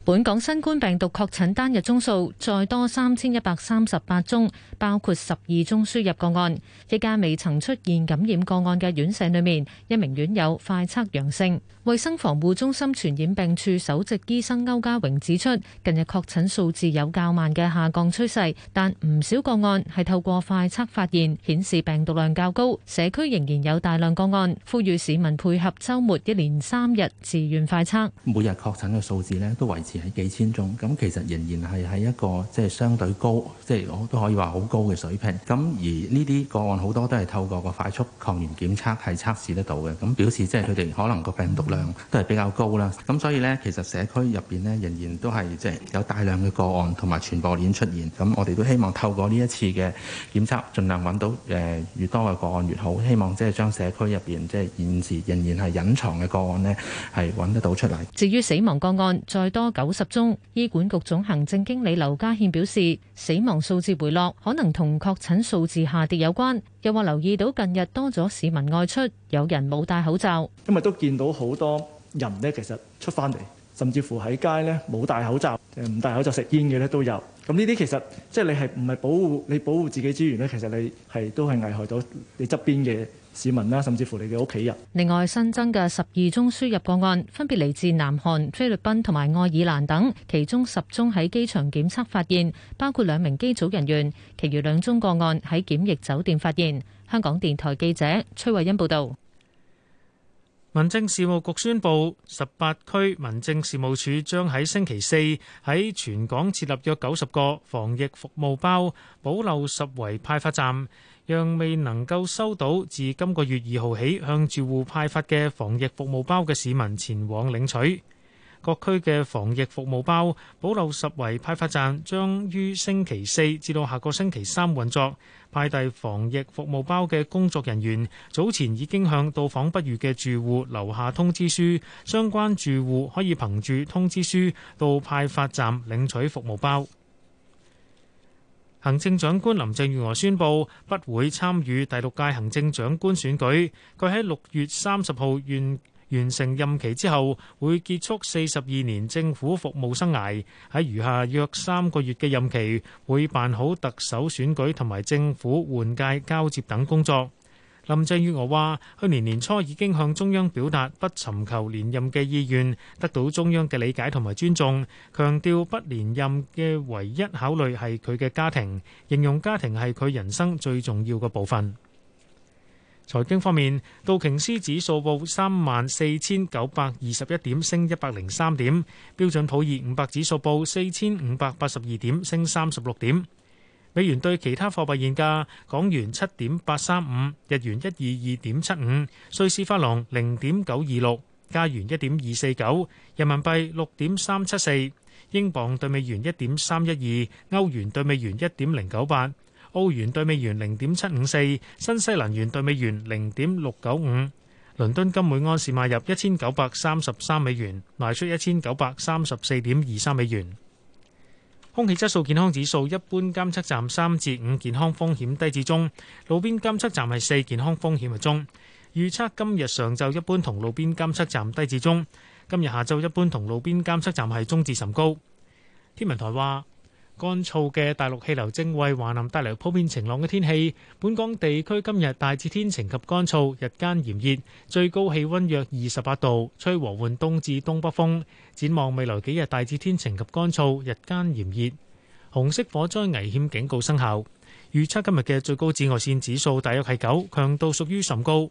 本港新冠病毒確診單日宗數再多三千一百三十八宗，包括十二宗輸入個案。一家未曾出現感染個案嘅院舍裏面，一名院友快測陽性。衛生防護中心傳染病處首席醫生歐家榮指出，近日確診數字有較慢嘅下降趨勢，但唔少個案係透過快測發現，顯示病毒量較高。社區仍然有大量個案，呼籲市民配合周末一連三日自願快測。每日確診嘅數字呢都維持喺幾千宗，咁其實仍然係喺一個即係相對高，即係我都可以話好高嘅水平。咁而呢啲個案好多都係透過個快速抗原檢測係測試得到嘅，咁表示即係佢哋可能個病毒量都係比較高啦。咁所以咧，其實社區入邊咧仍然都係即係有大量嘅個案同埋傳播鏈出現，咁我哋都希望透過呢一次嘅檢測盡量揾到誒越多嘅個案越好，希望即係將社區入邊即係現時仍然係隱藏嘅個案咧係揾得到出嚟。至於死亡個案，再多九。九十宗，醫管局總行政經理劉家憲表示，死亡數字回落可能同確診數字下跌有關，又話留意到近日多咗市民外出，有人冇戴口罩，今日都見到好多人呢其實出翻嚟，甚至乎喺街呢冇戴口罩，唔戴口罩食煙嘅咧都有。咁呢啲其實即係你係唔係保護你保護自己資源呢？其實你係都係危害到你側邊嘅。市民啦，甚至乎你嘅屋企人。另外新增嘅十二宗輸入個案，分別嚟自南韓、菲律賓同埋愛爾蘭等，其中十宗喺機場檢測發現，包括兩名機組人員，其餘兩宗個案喺檢疫酒店發現。香港電台記者崔慧欣報道。民政事務局宣佈，十八區民政事務處將喺星期四喺全港設立約九十個防疫服務包，保留十圍派發站。讓未能夠收到自今個月二號起向住戶派發嘅防疫服務包嘅市民前往領取。各區嘅防疫服務包保留十圍派發站，將於星期四至到下個星期三運作，派遞防疫服務包嘅工作人員早前已經向到訪不遇嘅住戶留下通知書，相關住戶可以憑住通知書到派發站領取服務包。行政長官林鄭月娥宣布，不會參與第六屆行政長官選舉。佢喺六月三十號完完成任期之後，會結束四十二年政府服務生涯。喺餘下約三個月嘅任期，會辦好特首選舉同埋政府換屆交接等工作。林鄭月娥話：去年年初已經向中央表達不尋求連任嘅意願，得到中央嘅理解同埋尊重。強調不連任嘅唯一考慮係佢嘅家庭，形容家庭係佢人生最重要嘅部分。財經方面，道瓊斯指數報三萬四千九百二十一點，升一百零三點；標準普爾五百指數報四千五百八十二點，升三十六點。美元兌其他貨幣現價：港元七點八三五，日元一二二點七五，瑞士法郎零點九二六，加元一點二四九，人民幣六點三七四，英鎊對美元一點三一二，歐元對美元一點零九八，澳元對美元零點七五四，新西蘭元對美元零點六九五。倫敦金每安士買入一千九百三十三美元，賣出一千九百三十四點二三美元。空氣質素健康指數一般監測站三至五，健康風險低至中；路邊監測站係四，健康風險係中。預測今日上晝一般同路邊監測站低至中，今日下晝一般同路邊監測站係中至甚高。天文台話。乾燥嘅大陸氣流正為華南帶來普遍晴朗嘅天氣。本港地區今日大致天晴及乾燥，日間炎熱，最高氣溫約二十八度，吹和緩東至東北風。展望未來幾日，大致天晴及乾燥，日間炎熱。紅色火災危險警告生效。預測今日嘅最高紫外線指數大約係九，強度屬於甚高。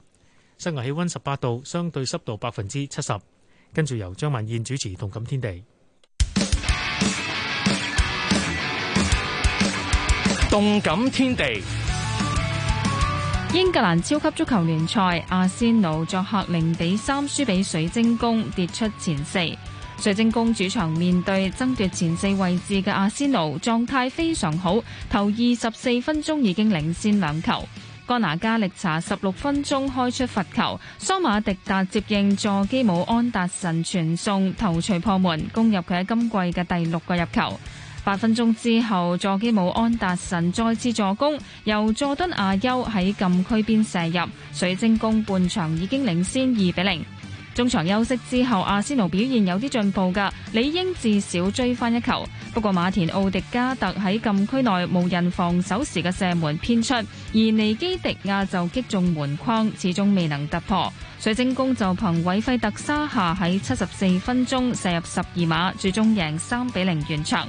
室外氣溫十八度，相對濕度百分之七十。跟住由張文燕主持《動感天地》。 動感天地，英格蘭超級足球聯賽，阿仙奴作客零比三輸俾水晶宮，跌出前四。水晶宮主場面對爭奪前四位置嘅阿仙奴，狀態非常好，頭二十四分鐘已經領先兩球。哥拿加力查十六分鐘開出罰球，桑馬迪達接應，佐基姆安達臣傳送，頭槌破門，攻入佢喺今季嘅第六個入球。八分鐘之後，佐基姆安達臣再次助攻，由佐敦亞優喺禁區邊射入。水晶宮半場已經領先二比零。中場休息之後，阿仙奴表現有啲進步㗎，理應至少追翻一球。不過馬田奧迪加特喺禁區內無人防守時嘅射門偏出，而尼基迪亞就擊中門框，始終未能突破。水晶宮就憑韋費特沙夏喺七十四分鐘射入十二碼，最終贏三比零完場。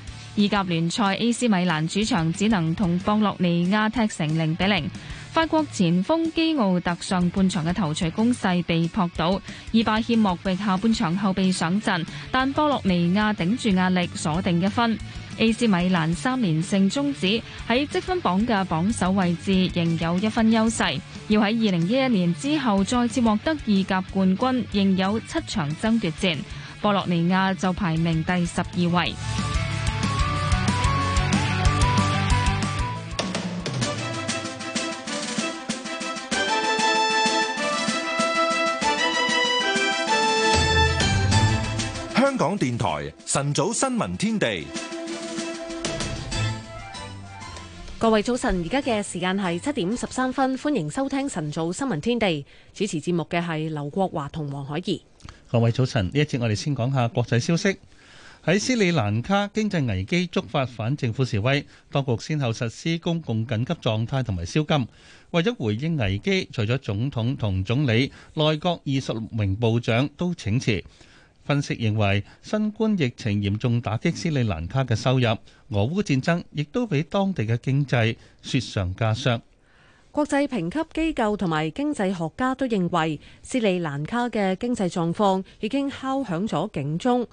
意甲聯賽，A.C. 米蘭主場只能同波洛尼亞踢成零比零。法國前鋒基奧特上半場嘅頭槌攻勢被撲倒，伊巴欠莫被下半場後備上陣，但波洛尼亞頂住壓力鎖定一分。A.C. 米蘭三連勝終止喺積分榜嘅榜首位置，仍有一分優勢。要喺二零一一年之後再次獲得意甲冠軍，仍有七場爭奪戰。波洛尼亞就排名第十二位。港電台晨早新聞天地，各位早晨，而家嘅時間係七點十三分，歡迎收聽晨早新聞天地。主持節目嘅係劉國華同黃海怡。各位早晨，呢一節我哋先講下國際消息。喺斯里蘭卡，經濟危機觸發反政府示威，當局先後實施公共緊急狀態同埋宵禁。為咗回應危機，除咗總統同總理，內閣二十六名部長都請辭。分析認為，新冠疫情嚴重打擊斯里蘭卡嘅收入，俄烏戰爭亦都俾當地嘅經濟雪上加霜。國際評級機構同埋經濟學家都認為，斯里蘭卡嘅經濟狀況已經敲響咗警鐘。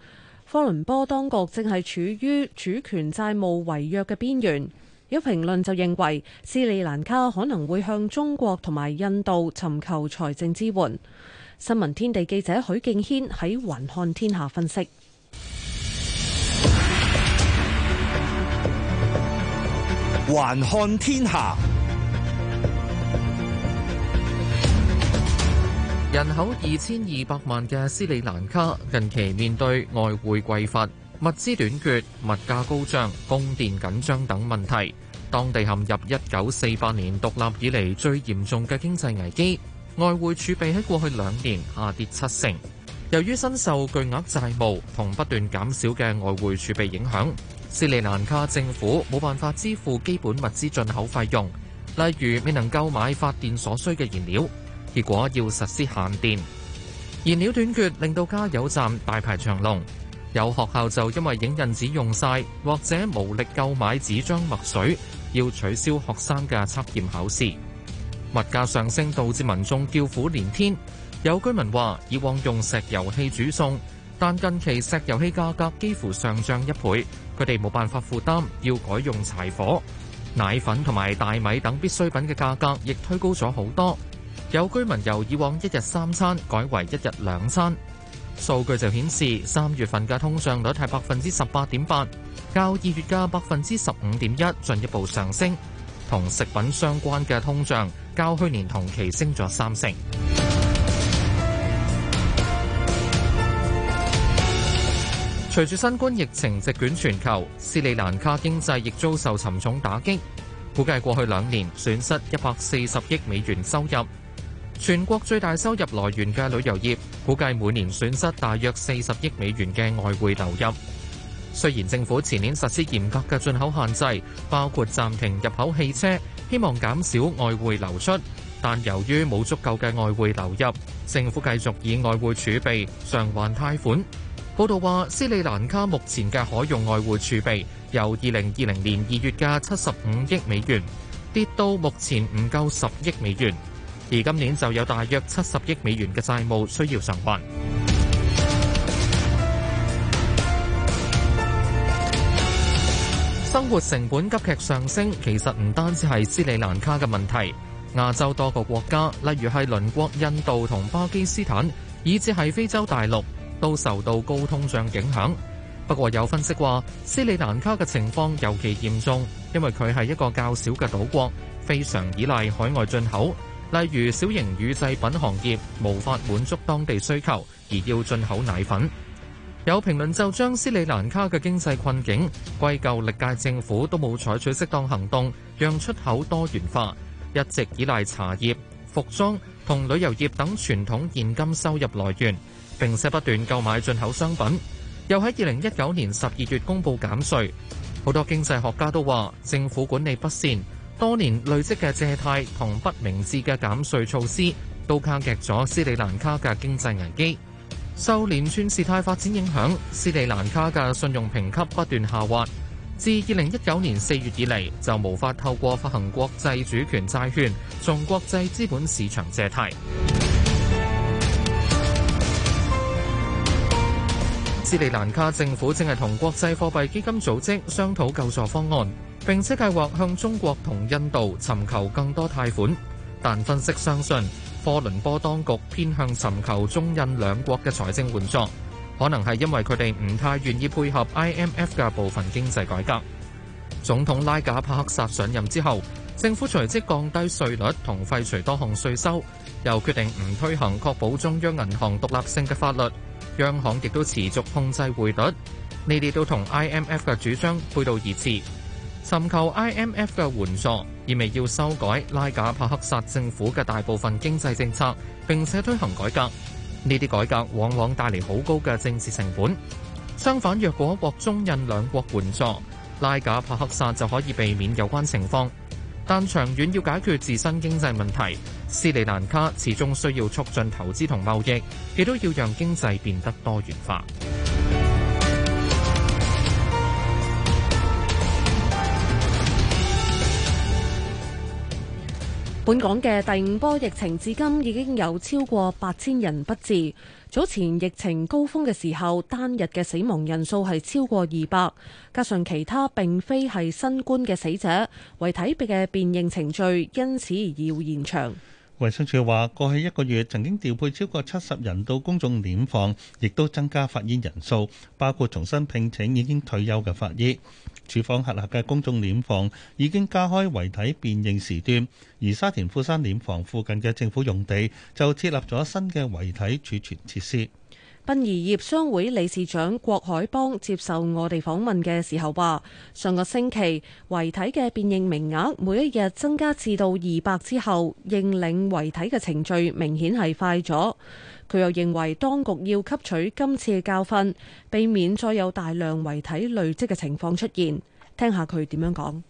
科倫坡當局正係處於主權債務違約嘅邊緣。有評論就認為，斯里蘭卡可能會向中國同埋印度尋求財政支援。新聞天地記者許敬軒喺《橫看天下》分析，《橫看天下》人口二千二百萬嘅斯里蘭卡近期面對外匯匱乏、物資短缺、物價高漲、供電緊張等問題，當地陷入一九四八年獨立以嚟最嚴重嘅經濟危機。外匯儲備喺過去兩年下跌七成，由於身受巨額債務同不斷減少嘅外匯儲備影響，斯里蘭卡政府冇辦法支付基本物資進口費用，例如未能購買發電所需嘅燃料，結果要實施限電。燃料短缺令到加油站大排長龍，有學校就因為影印紙用晒，或者無力購買紙張墨水，要取消學生嘅測驗考試。物價上升導致民眾叫苦連天，有居民話：以往用石油氣煮餸，但近期石油氣價格幾乎上漲一倍，佢哋冇辦法負擔，要改用柴火。奶粉同埋大米等必需品嘅價格亦推高咗好多，有居民由以往一日三餐改為一日兩餐。數據就顯示，三月份嘅通脹率係百分之十八點八，較二月嘅百分之十五點一進一步上升，同食品相關嘅通脹較去年同期升咗三成。隨住新冠疫情席捲全球，斯里蘭卡經濟亦遭受沉重打擊，估計過去兩年損失一百四十億美元收入。全國最大收入來源嘅旅遊業，估計每年損失大約四十億美元嘅外匯流入。雖然政府前年實施嚴格嘅進口限制，包括暫停入口汽車。希望減少外匯流出，但由於冇足夠嘅外匯流入，政府繼續以外匯儲備償還貸款。報道話，斯里蘭卡目前嘅可用外匯儲備由二零二零年二月嘅七十五億美元跌到目前唔夠十億美元，而今年就有大約七十億美元嘅債務需要償還。生活成本急劇上升，其實唔單止係斯里蘭卡嘅問題，亞洲多個國家，例如係鄰國印度同巴基斯坦，以至係非洲大陸都受到高通脹影響。不過有分析話斯里蘭卡嘅情況尤其嚴重，因為佢係一個較小嘅島國，非常依賴海外進口，例如小型乳製品行業無法滿足當地需求，而要進口奶粉。有評論就將斯里蘭卡嘅經濟困境歸咎歷屆政府都冇採取適當行動，讓出口多元化，一直依賴茶葉、服裝同旅遊業等傳統現金收入來源，並且不斷購買進口商品。又喺二零一九年十二月公布減稅，好多經濟學家都話政府管理不善，多年累積嘅借貸同不明智嘅減稅措施，都加劇咗斯里蘭卡嘅經濟危機。受連串事態發展影響，斯里蘭卡嘅信用評級不斷下滑，自二零一九年四月以嚟就無法透過發行國際主權債券從國際資本市場借貸。 斯里蘭卡政府正係同國際貨幣基金組織商討救助方案，並且計劃向中國同印度尋求更多貸款，但分析相信，科倫坡當局偏向尋求中印兩國嘅財政援助，可能係因為佢哋唔太願意配合 IMF 嘅部分經濟改革。總統拉賈帕克薩上任之後，政府隨即降低稅率同廢除多項稅收，又決定唔推行確保中央銀行獨立性嘅法律。央行亦都持續控制匯率，呢啲都同 IMF 嘅主張背道而馳。尋求 IMF 嘅援助，意味要修改拉賈帕克薩政府嘅大部分經濟政策，並且推行改革。呢啲改革往往帶嚟好高嘅政治成本。相反，若果獲中印兩國援助，拉賈帕克薩就可以避免有關情況。但長遠要解決自身經濟問題，斯里蘭卡始終需要促進投資同貿易，亦都要讓經濟變得多元化。本港嘅第五波疫情至今已經有超過八千人不治。早前疫情高峰嘅時候，單日嘅死亡人數係超過二百，加上其他並非係新冠嘅死者，遺體嘅辨認程序因此而要延長。衛生署話，過去一個月曾經調配超過七十人到公眾殮房，亦都增加法醫人數，包括重新聘請已經退休嘅法醫。處方轄下嘅公眾殮房已經加開遺體辨認時段，而沙田富山殮房附近嘅政府用地就設立咗新嘅遺體儲存設施。殯儀業商會理事長郭海邦接受我哋訪問嘅時候話，上個星期遺體嘅辨認名額每一日增加至到二百之後，認領遺體嘅程序明顯係快咗。佢又認為當局要吸取今次嘅教訓，避免再有大量遺體累積嘅情況出現。聽下佢點樣講，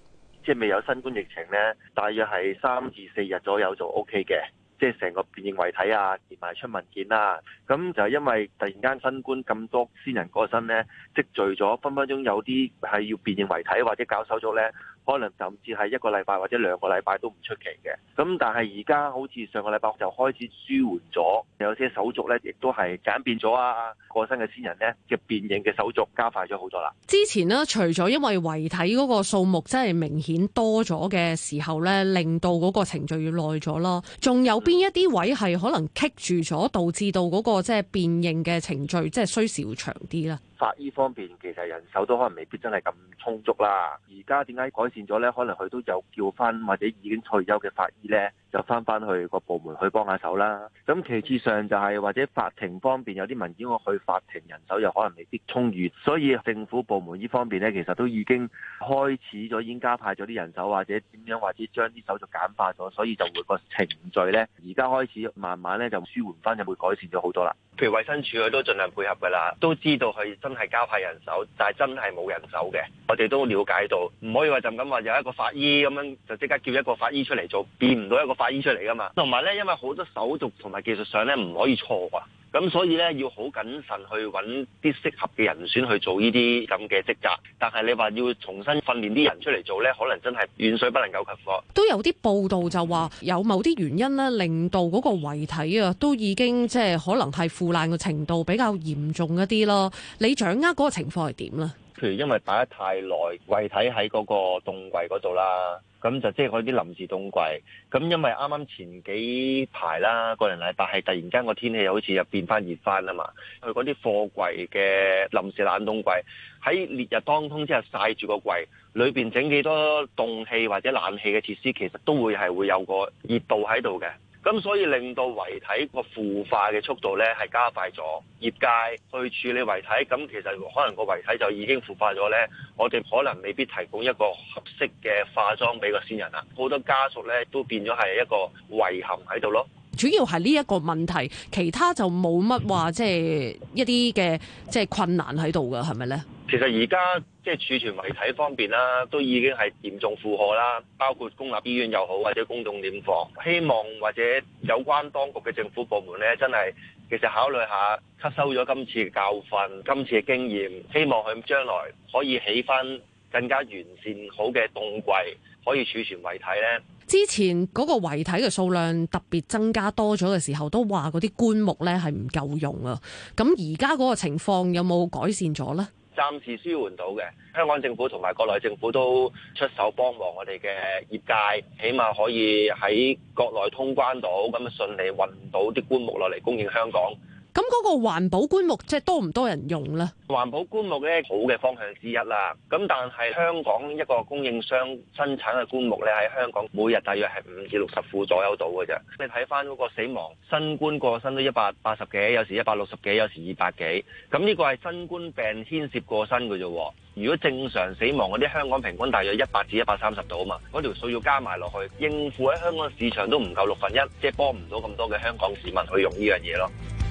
即係未有新冠疫情呢，大約係三至四日左右就 OK 嘅，即係成個辨認遺體啊，連埋出文件啦、啊。咁就係因為突然間新冠咁多先人過身呢，積聚咗，分分鐘有啲係要辨認遺體或者搞手續呢。可能甚至係一個禮拜或者兩個禮拜都唔出奇嘅，咁但係而家好似上個禮拜就開始舒緩咗，有些手續咧亦都係簡便咗啊，過身嘅先人咧嘅辨認嘅手續加快咗好多啦。之前呢，除咗因為遺體嗰個數目真係明顯多咗嘅時候咧，令到嗰個程序要耐咗咯，仲有邊一啲位係可能棘住咗，導致到嗰個即係辨認嘅程序即係需時會長啲咧？法醫方面，其實人手都可能未必真係咁充足啦。而家點解改善咗呢？可能佢都有叫翻或者已經退休嘅法醫呢。就翻翻去個部門去幫下手啦。咁其次上就係或者法庭方面有啲文件我去法庭人手又可能未必充裕，所以政府部門呢方面咧，其實都已經開始咗已經加派咗啲人手，或者點樣或者將啲手續簡化咗，所以就會個程序咧，而家開始慢慢咧就舒緩翻，就會改善咗好多啦。譬如衞生署佢都盡量配合㗎啦，都知道佢真係加派人手，但係真係冇人手嘅，我哋都了解到，唔可以話就咁話有一個法醫咁樣就即刻叫一個法醫出嚟做，變唔到一個。發出嚟噶嘛，同埋咧，因為好多手續同埋技術上咧唔可以錯啊，咁所以咧要好謹慎去揾啲適合嘅人選去做呢啲咁嘅職責。但係你話要重新訓練啲人出嚟做咧，可能真係遠水不能救近火。都有啲報道就話有某啲原因咧，令到嗰個遺體啊都已經即係可能係腐爛嘅程度比較嚴重一啲咯。你掌握嗰個情況係點咧？譬如因為擺得太耐，櫃體喺嗰個凍櫃嗰度啦，咁就即係嗰啲臨時凍櫃。咁因為啱啱前幾排啦，個人禮拜係突然間個天氣又好似又變翻熱翻吖嘛，佢嗰啲貨櫃嘅臨時冷凍櫃喺烈日當空之下曬住個櫃，裏邊整幾多凍氣或者冷氣嘅設施，其實都會係會有個熱度喺度嘅。咁所以令到遺體個腐化嘅速度咧係加快咗，業界去處理遺體，咁其實可能個遺體就已經腐化咗咧，我哋可能未必提供一個合適嘅化妝俾個先人啦，好多家屬咧都變咗係一個遺憾喺度咯。主要係呢一個問題，其他就冇乜話即係一啲嘅即係困難喺度噶，係咪咧？其實而家即係儲存遺體方面啦，都已經係嚴重負荷啦。包括公立醫院又好，或者公眾殮房，希望或者有關當局嘅政府部門咧，真係其實考慮下，吸收咗今次嘅教訓、今次嘅經驗，希望佢將來可以起翻更加完善好嘅凍櫃，可以儲存遺體咧。之前嗰個遺體嘅數量特別增加多咗嘅時候，都話嗰啲棺木咧係唔夠用啊。咁而家嗰個情況有冇改善咗咧？暫時舒緩到嘅，香港政府同埋國內政府都出手幫忙我哋嘅業界，起碼可以喺國內通關到，咁啊順利運到啲棺木落嚟供應香港。咁嗰個環保棺木即係多唔多人用咧？環保棺木咧，好嘅方向之一啦。咁但係香港一個供應商生產嘅棺木咧，喺香港每日大約係五至六十副左右到嘅啫。你睇翻嗰個死亡新冠過身都一百八十幾，有時一百六十幾，有時二百幾。咁呢個係新冠病牽涉過身嘅啫。如果正常死亡嗰啲香港平均大約一百至一百三十度啊嘛，嗰條數要加埋落去應付喺香港市場都唔夠六分一，即係幫唔到咁多嘅香港市民去用呢樣嘢咯。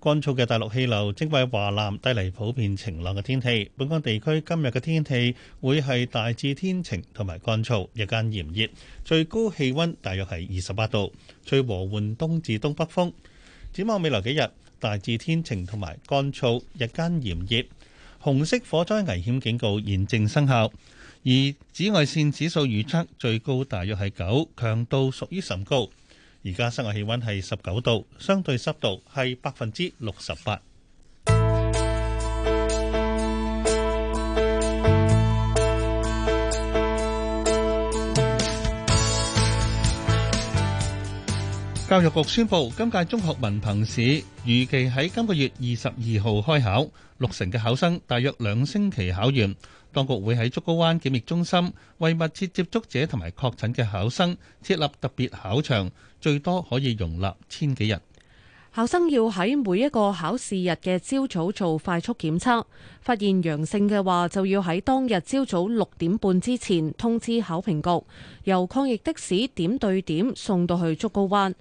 乾燥嘅大陸氣流正為華南帶嚟普遍晴朗嘅天氣。本港地區今日嘅天氣會係大致天晴同埋乾燥，日間炎熱，最高氣温大約係二十八度，吹和緩東至東北風。展望未來幾日，大致天晴同埋乾燥，日間炎熱。紅色火災危險警告現正生效，而紫外線指數預測最高大約係九，強度屬於甚高。而家室外氣溫係十九度，相對濕度係百分之六十八。教育局宣布，今屆中學文憑試預期喺今個月二十二號開考，六成嘅考生大約兩星期考完。當局會喺竹篙灣檢疫中心，為密切接觸者同埋確診嘅考生設立特別考場。最多可以容納千幾人。考生要喺每一個考試日嘅朝早做快速檢測，發現陽性嘅話，就要喺當日朝早六點半之前通知考評局，由抗疫的士點對點送到去竹篙灣。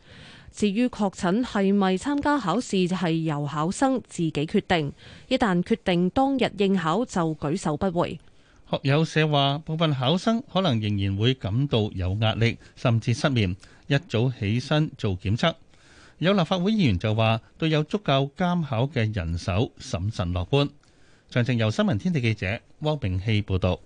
至於確診係咪參加考試，係由考生自己決定。一旦決定當日應考，就舉手不回。學友社話，部分考生可能仍然會感到有壓力，甚至失眠。一早起身做檢測，有立法會議員就話對有足夠監考嘅人手審慎樂觀。詳情由新聞天地記者汪炳熙報道。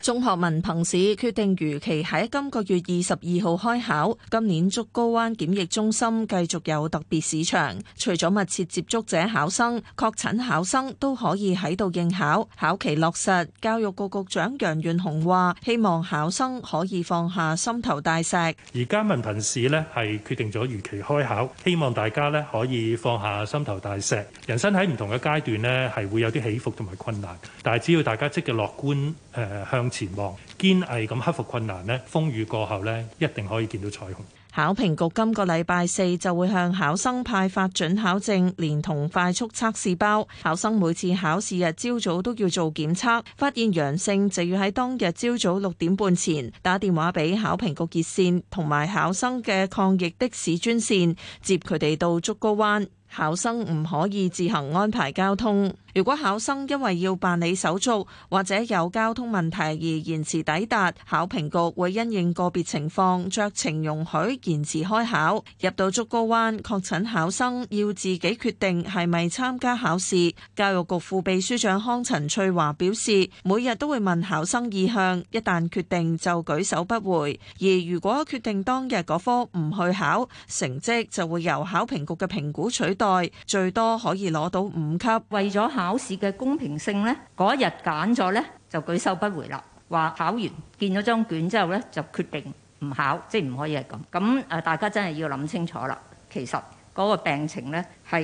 中學文憑試決定如期喺今個月二十二號開考，今年竹篙灣檢疫中心繼續有特別試場，除咗密切接觸者考生、確診考生都可以喺度應考。考期落實，教育局局長楊潤雄話，希望考生可以放下心頭大石。而家文憑試呢係決定咗如期開考，希望大家呢可以放下心頭大石。人生喺唔同嘅階段呢係會有啲起伏同埋困難，但係只要大家積極樂觀，誒、呃、向。前往堅毅咁克服困難咧，風雨過後咧，一定可以見到彩虹。考評局今個禮拜四就會向考生派發准考證，連同快速測試包。考生每次考試日朝早都要做檢測，發現陽性就要喺當日朝早六點半前打電話俾考評局熱線同埋考生嘅抗疫的士專線，接佢哋到竹篙灣。考生唔可以自行安排交通。如果考生因為要辦理手續或者有交通問題而延遲抵達考評局，會因應個別情況酌情容許延遲開考。入到竹篙灣確診考生要自己決定係咪參加考試。教育局副秘書長康陳翠華表示，每日都會問考生意向，一旦決定就舉手不回。而如果決定當日嗰科唔去考，成績就會由考評局嘅評估取代，最多可以攞到五級。為咗考考試嘅公平性呢，嗰日揀咗呢就舉手不回啦，話考完見咗張卷之後呢就決定唔考，即係唔可以係咁。咁誒，大家真係要諗清楚啦。其實嗰個病情呢係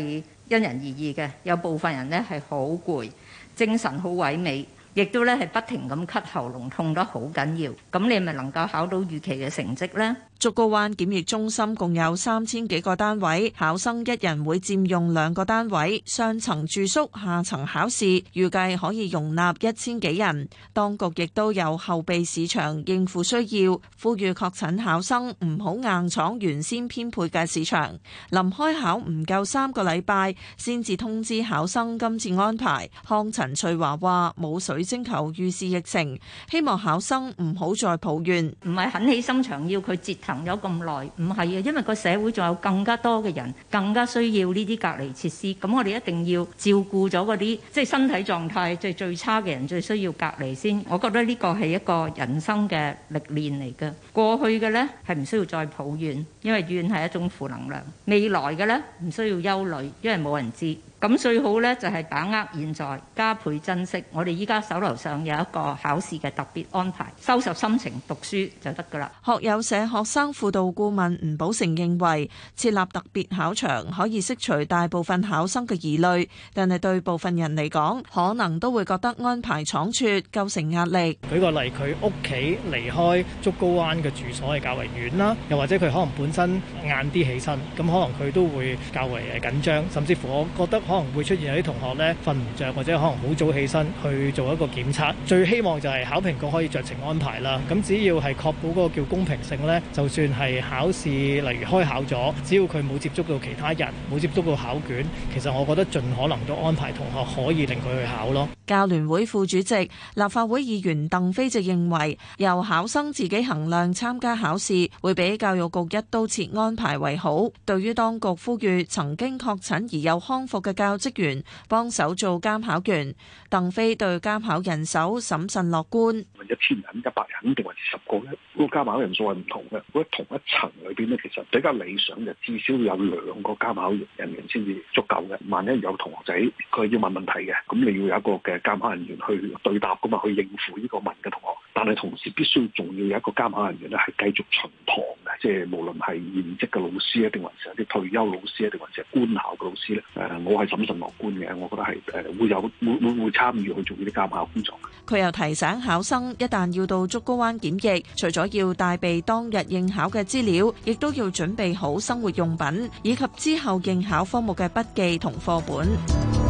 因人而異嘅，有部分人呢係好攰，精神好萎靡，亦都呢係不停咁咳，喉嚨痛得好緊要。咁你係咪能夠考到預期嘅成績呢？竹篙灣檢疫中心共有三千幾個單位，考生一人會佔用兩個單位，上層住宿，下層考試，預計可以容納一千幾人。當局亦都有後備市場應付需要，呼籲確診考生唔好硬闖原先編配嘅市場。臨開考唔夠三個禮拜先至通知考生今次安排。康陳翠華話：冇水晶球預示疫情，希望考生唔好再抱怨。唔係狠起心腸要佢折。有咁耐唔係啊，因為個社會仲有更加多嘅人更加需要呢啲隔離設施。咁我哋一定要照顧咗嗰啲即係身體狀態最最差嘅人，最需要隔離先。我覺得呢個係一個人生嘅歷練嚟嘅，過去嘅咧係唔需要再抱怨，因為怨係一種負能量。未來嘅咧唔需要憂慮，因為冇人知。咁最好呢，就係把握現在加倍珍惜。我哋依家手樓上有一個考試嘅特別安排，收拾心情讀書就得㗎啦。學友社學生輔導顧問吳寶成認為，設立特別考場可以釋除大部分考生嘅疑慮，但係對部分人嚟講，可能都會覺得安排倉促，構成壓力。舉個例，佢屋企離開竹篙灣嘅住所係較為遠啦，又或者佢可能本身晏啲起身，咁可能佢都會較為誒緊張，甚至乎我覺得。可能會出現有啲同學咧瞓唔着，或者可能好早起身去做一個檢測。最希望就係考評局可以酌情安排啦。咁只要係確保嗰個叫公平性呢，就算係考試例如開考咗，只要佢冇接觸到其他人，冇接觸到考卷，其實我覺得盡可能都安排同學可以令佢去考咯。教聯會副主席、立法會議員鄧飛就認為，由考生自己衡量參加考試，會比教育局一刀切安排為好。對於當局呼籲曾經確診而又康復嘅教職員幫手做監考員，鄧飛對監考人手審慎樂觀。「一千人、一百人定係十個呢？」個監考人數係唔同嘅。如果同一層裏邊呢，其實比較理想就至少要有兩個監考人員先至足夠嘅。萬一有同學仔佢要問問題嘅，咁你要有一個嘅監考人員去對答噶嘛，去應付呢個問嘅同學。但係同時必須仲要有一個監考人員咧，係繼續巡堂。即係無論係現職嘅老師啊，定還是係啲退休老師啊，定還是係官校嘅老師咧？誒，我係審慎樂觀嘅，我覺得係誒會有會會會參與去做呢啲監考工作。佢又提醒考生，一旦要到竹篙灣檢疫，除咗要帶備當日應考嘅資料，亦都要準備好生活用品，以及之後應考科目嘅筆記同課本。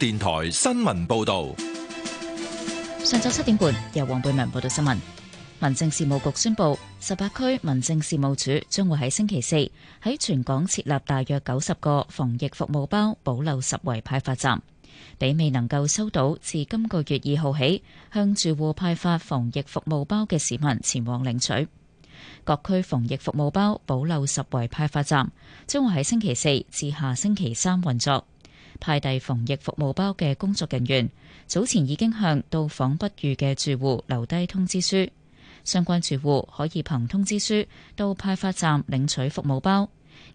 電台新聞報道：上晝七點半，由黃貝文報道新聞。民政事務局宣布，十八區民政事務處將會喺星期四喺全港設立大約九十個防疫服務包，保留十圍派發站，俾未能夠收到自今個月二號起向住戶派發防疫服務包嘅市民前往領取。各區防疫服務包保留十圍派發站，將會喺星期四至下星期三運作。派遞防疫服務包嘅工作人員早前已經向到訪不遇嘅住戶留低通知書，相關住戶可以憑通知書到派發站領取服務包。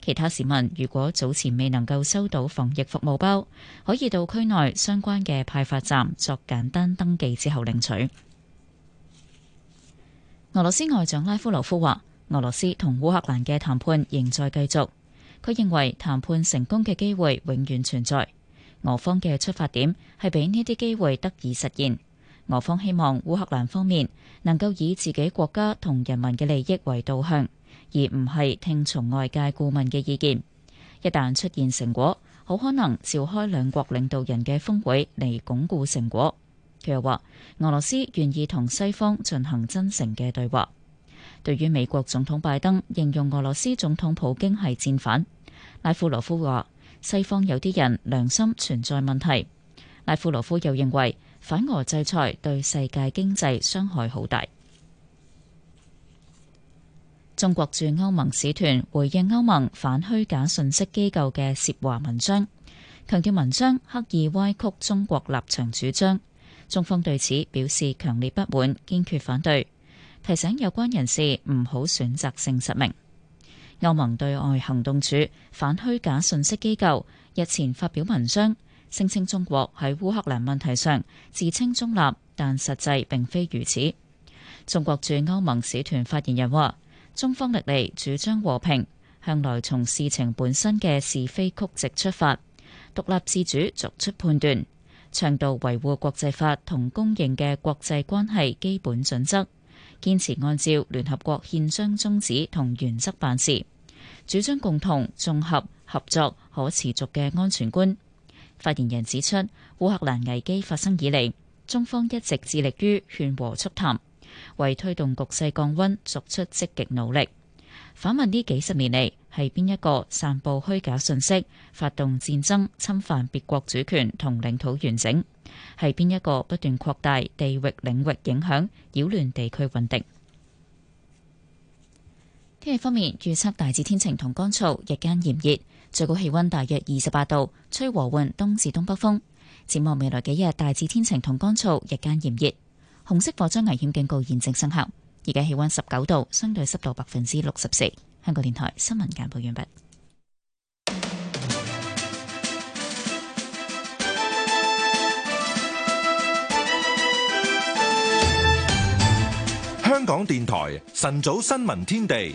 其他市民如果早前未能夠收到防疫服務包，可以到區內相關嘅派發站作簡單登記之後領取。俄羅斯外長拉夫羅夫話，俄羅斯同烏克蘭嘅談判仍在繼續。佢認為談判成功嘅機會永遠存在，俄方嘅出發點係俾呢啲機會得以實現。俄方希望烏克蘭方面能夠以自己國家同人民嘅利益為導向，而唔係聽從外界顧問嘅意見。一旦出現成果，好可能召開兩國領導人嘅峰會嚟鞏固成果。佢又話：俄羅斯願意同西方進行真誠嘅對話。對於美國總統拜登形容俄羅斯總統普京係戰犯。拉夫羅夫話：西方有啲人良心存在問題。拉夫羅夫又認為反俄制裁對世界經濟傷害好大。中國駐歐盟使團回應歐盟反虛假信息機構嘅涉華文章，強調文章刻意歪曲中國立場主張，中方對此表示強烈不滿，堅決反對，提醒有關人士唔好選擇性失明。歐盟對外行動署反虛假信息機構日前發表文章，聲稱中國喺烏克蘭問題上自稱中立，但實際並非如此。中國駐歐盟使團發言人話，中方歷來主張和平，向來從事情本身嘅是非曲直出發，獨立自主作出判斷，倡導維護國際法同公認嘅國際關係基本準則。堅持按照聯合國憲章宗旨同原則辦事，主張共同、綜合、合作、可持續嘅安全觀。發言人指出，烏克蘭危機發生以嚟，中方一直致力於勸和促談，為推動局勢降溫作出積極努力。反問呢幾十年嚟係邊一個散佈虛假信息、發動戰爭、侵犯別國主權同領土完整？係邊一個不斷擴大地域領域影響，擾亂地區穩定？天氣方面預測大致天晴同乾燥，日間炎熱，最高氣溫大約二十八度，吹和緩東至東北風。展望未來幾日大致天晴同乾燥，日間炎熱。紅色火災危險警告現正生效，而家氣溫十九度，相對濕度百分之六十四。香港電台新聞簡報完畢。香港電台晨早新聞天地，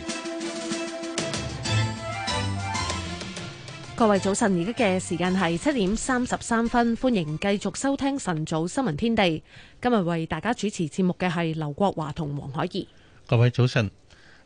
各位早晨，而家嘅時間係七點三十三分，歡迎繼續收聽晨早新聞天地。今日為大家主持節目嘅係劉國華同黃海怡。各位早晨。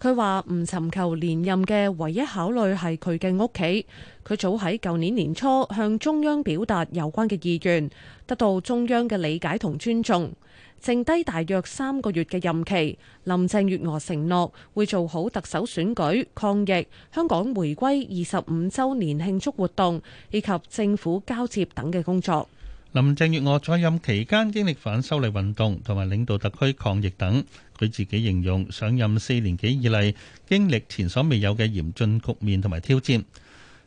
佢話唔尋求連任嘅唯一考慮係佢嘅屋企。佢早喺舊年年初向中央表達有關嘅意願，得到中央嘅理解同尊重。剩低大約三個月嘅任期，林鄭月娥承諾會做好特首選舉、抗疫、香港回歸二十五週年慶祝活動，以及政府交接等嘅工作。林鄭月娥在任期間經歷反修例運動同埋領導特區抗疫等。佢自己形容上任四年幾以嚟，經歷前所未有嘅嚴峻局面同埋挑戰。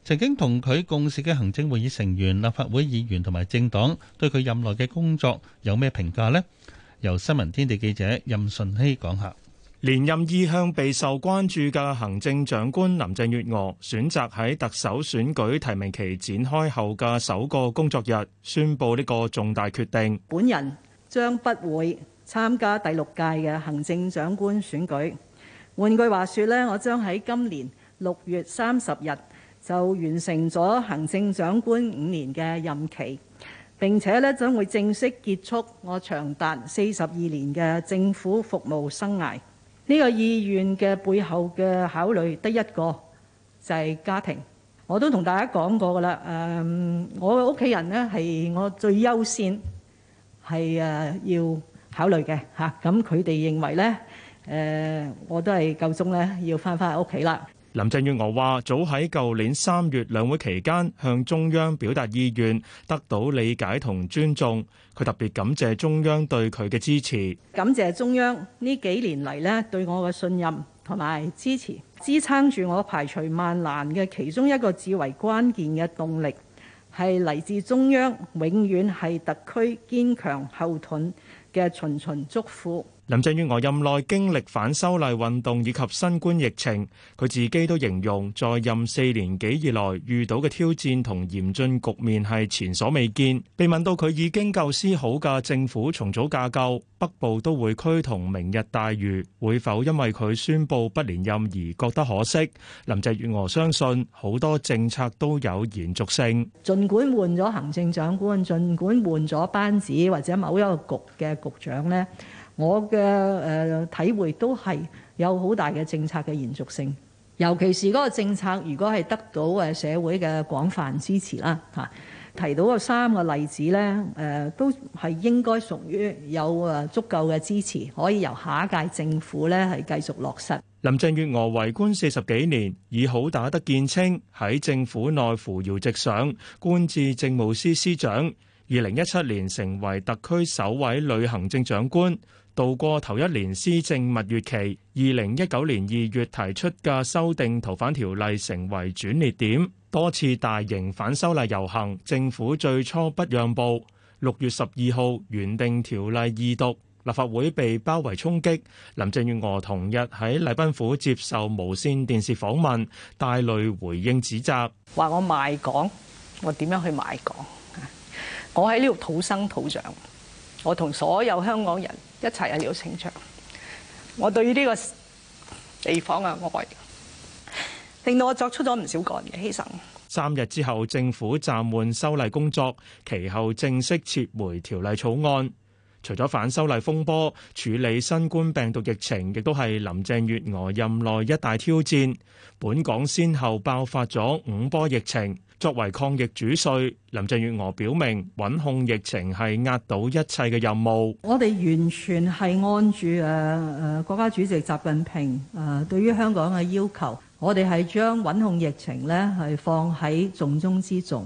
曾經同佢共事嘅行政會議成員、立法會議員同埋政黨，對佢任內嘅工作有咩評價呢？由新聞天地記者任順希講下。連任意向備受關注嘅行政長官林鄭月娥，選擇喺特首選舉提名期展開後嘅首個工作日，宣布呢個重大決定。本人將不會參加第六屆嘅行政長官選舉。換句話說咧，我將喺今年六月三十日就完成咗行政長官五年嘅任期，並且咧將會正式結束我長達四十二年嘅政府服務生涯。呢、這個意願嘅背後嘅考慮得一個就係、是、家庭。我都同大家講過噶啦，誒，我嘅屋企人呢係我最優先係誒要。考慮嘅嚇，咁佢哋認為呢，誒，我都係夠鐘呢，要翻翻去屋企啦。林鄭月娥話：早喺舊年三月兩會期間向中央表達意願，得到理解同尊重。佢特別感謝中央對佢嘅支持，感謝中央呢幾年嚟呢對我嘅信任同埋支持，支撐住我排除萬難嘅其中一個至為關鍵嘅動力，係嚟自中央，永遠係特區堅強後盾。嘅循循祝福。林鄭月娥任內經歷反修例運動以及新冠疫情，佢自己都形容在任四年幾以來遇到嘅挑戰同嚴峻局面係前所未見。被問到佢已經構思好嘅政府重組架構，北部都會區同明日大嶼會否因為佢宣布不連任而覺得可惜？林鄭月娥相信好多政策都有延續性，儘管換咗行政長官，儘管換咗班子或者某一個局嘅局長呢。我嘅誒體會都係有好大嘅政策嘅延續性，尤其是嗰個政策，如果係得到誒社會嘅廣泛支持啦嚇，提到嗰三個例子咧，誒都係應該屬於有誒足夠嘅支持，可以由下一屆政府咧係繼續落實。林鄭月娥為官四十幾年，以好打得見稱，喺政府內扶搖直上，官至政務司司長，二零一七年成為特區首位女行政長官。渡過頭一年施政蜜月期，二零一九年二月提出嘅修訂逃犯條例成為轉捩點，多次大型反修例遊行，政府最初不讓步。六月十二號原定條例二讀，立法會被包圍衝擊。林鄭月娥同日喺禮賓府接受無線電視訪問，帶淚回應指責，話我賣港，我點樣去賣港？我喺呢度土生土長。我同所有香港人一齊係了承載，我對於呢個地方嘅愛，令到我作出咗唔少個人嘅犧牲。三日之後，政府暫緩修例工作，其後正式撤回條例草案。除咗反修例風波，處理新冠病毒疫情亦都係林鄭月娥任內一大挑戰，本港先後爆發咗五波疫情，作為抗疫主帥，林鄭月娥表明，穩控疫情係壓倒一切嘅任務。我哋完全係按住誒誒國家主席習近平誒對於香港嘅要求，我哋係將穩控疫情咧係放喺重中之重，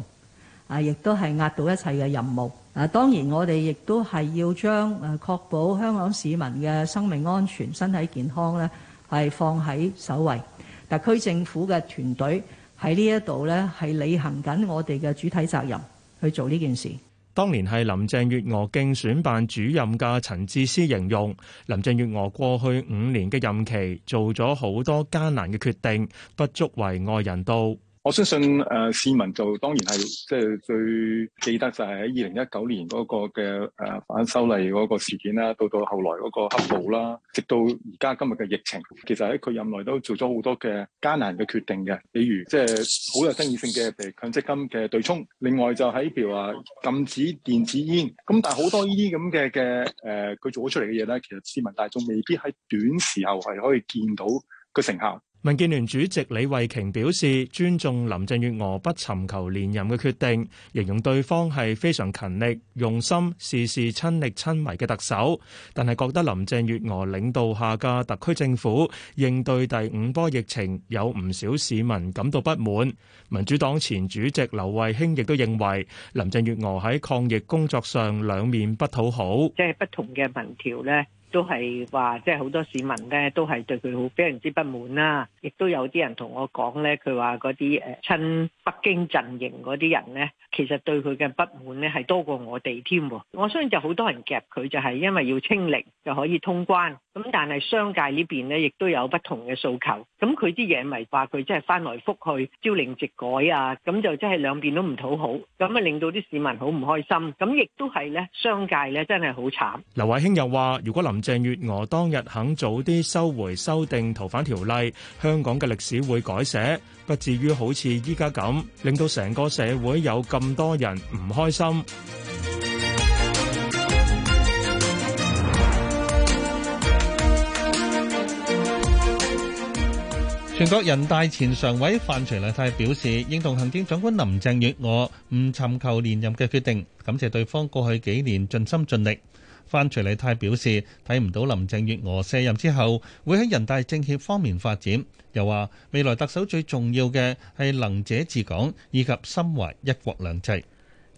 啊，亦都係壓倒一切嘅任務。啊，當然我哋亦都係要將誒確保香港市民嘅生命安全、身體健康咧，係放喺首位。特區政府嘅團隊喺呢一度咧，係履行緊我哋嘅主體責任去做呢件事。當年係林鄭月娥競選辦主任嘅陳智思形容，林鄭月娥過去五年嘅任期做咗好多艱難嘅決定，不足為外人道。我相信誒、呃、市民就當然係即係最記得就係喺二零一九年嗰個嘅誒、呃、反修例嗰個事件啦，到到後來嗰個黑暴啦，直到而家今日嘅疫情，其實喺佢任內都做咗好多嘅艱難嘅決定嘅，比如即係好有爭議性嘅譬如強積金嘅對沖，另外就喺譬如話禁止電子煙，咁但係好多這這、呃、呢啲咁嘅嘅誒，佢做咗出嚟嘅嘢咧，其實市民大眾未必喺短時候係可以見到個成效。民建聯主席李慧瓊表示尊重林鄭月娥不尋求連任嘅決定，形容對方係非常勤力、用心、事事親力親為嘅特首，但係覺得林鄭月娥領導下嘅特區政府應對第五波疫情有唔少市民感到不滿。民主黨前主席劉慧卿亦都認為林鄭月娥喺抗疫工作上兩面不討好，即係不同嘅民調呢。都係話，即係好多市民咧，都係對佢好非常之不滿啦。亦都有啲人同我講咧，佢話嗰啲誒親北京陣營嗰啲人咧，其實對佢嘅不滿咧係多過我哋添。我相信就好多人夾佢，就係因為要清零就可以通關。咁但係商界呢邊咧，亦都有不同嘅訴求。咁佢啲嘢咪話佢即係翻來覆去朝令夕改啊？咁就即係兩邊都唔討好，咁啊令到啲市民好唔開心。咁亦都係咧，商界咧真係好慘。劉慧卿又話：如果林鄭月娥當日肯早啲收回修訂逃犯條例，香港嘅歷史會改寫，不至於好似依家咁，令到成個社會有咁多人唔開心。全國人大前常委范徐麗泰表示，認同行政長官林鄭月娥唔尋求連任嘅決定，感謝對方過去幾年盡心盡力。范徐麗泰表示，睇唔到林鄭月娥卸任之後會喺人大政協方面發展，又話未來特首最重要嘅係能者治港，以及心懷一國兩制。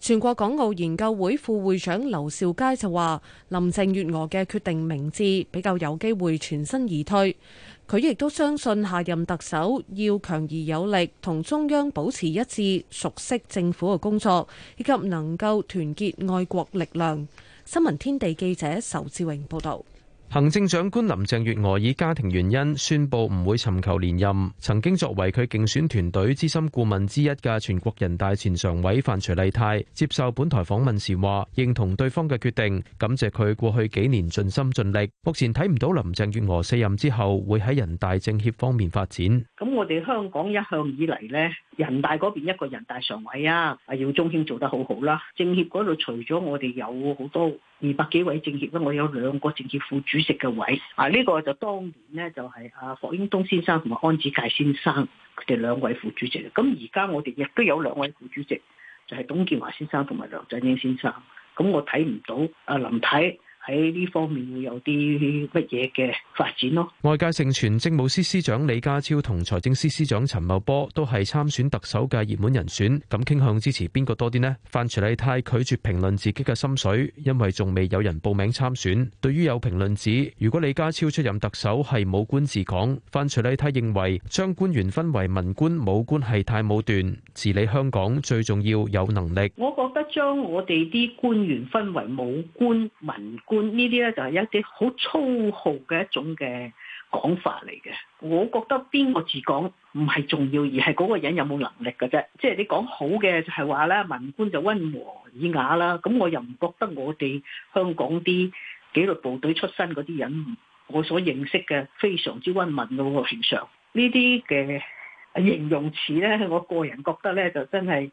全國港澳研究會副會長劉兆佳就話林鄭月娥嘅決定明智，比較有機會全身而退。佢亦都相信下任特首要強而有力，同中央保持一致，熟悉政府嘅工作，以及能夠團結愛國力量。新聞天地記者仇志榮報道。行政長官林鄭月娥以家庭原因宣布唔會尋求連任。曾經作為佢競選團隊資深顧問之一嘅全國人大前常委范徐麗泰接受本台訪問時話：認同對方嘅決定，感謝佢過去幾年盡心盡力。目前睇唔到林鄭月娥卸任之後會喺人大政協方面發展。咁我哋香港一向以嚟呢，人大嗰邊一個人大常委啊，譚耀宗做得好好啦。政協嗰度除咗我哋有好多。二百幾位政協啦，我有兩個政協副主席嘅位，啊呢、這個就當年咧就係、是、啊霍英東先生同埋安子介先生佢哋兩位副主席，咁而家我哋亦都有兩位副主席，就係、是、董建華先生同埋梁振英先生，咁、啊、我睇唔到啊林太。喺呢方面會有啲乜嘢嘅發展咯？外界盛傳政務司司長李家超同財政司司長陳茂波都係參選特首嘅熱門人選，咁傾向支持邊個多啲呢？范徐麗泰拒，拒絕評論自己嘅心水，因為仲未有人報名參選。對於有評論指如果李家超出任特首係武官治港，范徐麗泰認為將官員分為文官武官係太武斷，治理香港最重要有能力。我覺得將我哋啲官員分為武官文、民官官呢啲咧就係一啲好粗豪嘅一種嘅講法嚟嘅，我覺得邊個字講唔係重要，而係嗰個人有冇能力嘅啫。即係你講好嘅就係話咧，文官就温和以雅啦。咁我又唔覺得我哋香港啲紀律部隊出身嗰啲人，我所認識嘅非常之温文嘅喎，平常呢啲嘅形容詞咧，我個人覺得咧就真係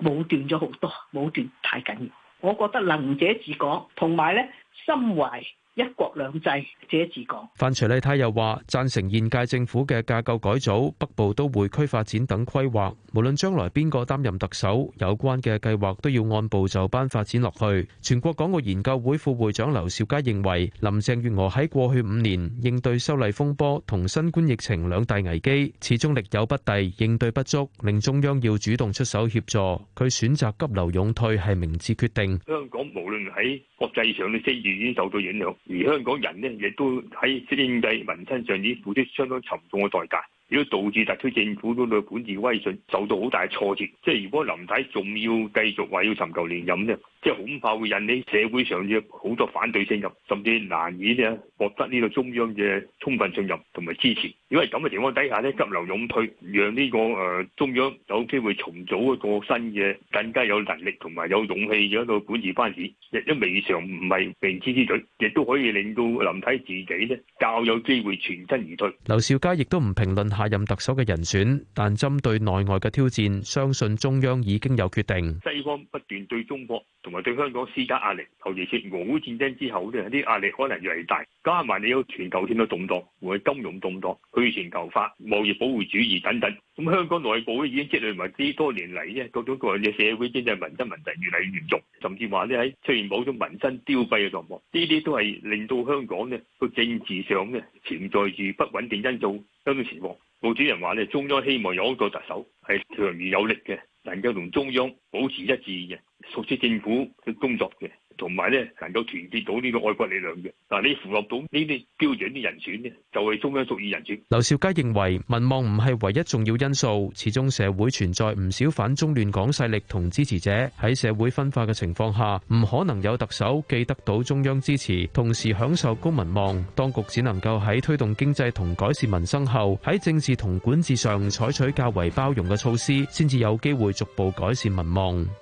武斷咗好多，武斷太緊要。我覺得能者自講，同埋咧心懷。一國兩制，隻字講。范徐麗泰又話：贊成現屆政府嘅架構改組、北部都會區發展等規劃。無論將來邊個擔任特首，有關嘅計劃都要按部就班發展落去。全國港澳研究會副會長劉兆佳認為，林鄭月娥喺過去五年應對修例風波同新冠疫情兩大危機，始終力有不逮，應對不足，令中央要主動出手協助。佢選擇急流勇退係明智決定。香港無論喺國際上嘅聲譽已經受到影響。而香港人呢，亦都喺政治民生上已付出相當沉重嘅代價，亦都導致特區政府嗰管治威信受到好大挫折。即係如果林太仲要繼續話要尋求連任呢，即係恐怕會引起社會上嘅好多反對聲音，甚至難以呢獲得呢個中央嘅充分信任同埋支持。因為咁嘅情況底下咧，急流勇退，讓呢個誒中央有機會重組一個新嘅，更加有能力同埋有勇氣嘅一個管治班子，亦都未嘗唔係明智之舉，亦都可以令到林太自己咧較有機會全身而退。劉兆佳亦都唔評論下任特首嘅人選，但針對內外嘅挑戰，相信中央已經有決定。西方不斷對中國同埋對香港施加壓力，尤其是俄烏戰爭之後咧，啲壓力可能越嚟越大，加埋你有全球性嘅動盪，會金融動盪。去全球化、貿易保護主義等等，咁、嗯、香港內部已經積累埋啲多年嚟咧各種各樣嘅社會經濟民生問題越嚟越嚴重，甚至話呢，喺出現某種民生凋敝嘅狀況，呢啲都係令到香港呢個政治上咧潛在住不穩定因素相當。香港情況，報主人話呢，中央希望有一個特首係強而有力嘅，能夠同中央保持一致嘅，熟悉政府嘅工作嘅，同埋咧，能夠團結到呢個愛國力量嘅嗱，你符合到呢啲標準啲人選咧，就係中央屬意人選。劉少佳認為民望唔係唯一重要因素，始終社會存在唔少反中亂港勢力同支持者喺社會分化嘅情況下，唔可能有特首既得到中央支持，同時享受高民望。當局只能夠喺推動經濟同改善民生後，喺政治同管治上採取較為包容嘅措施，先至有機會逐步改善民望。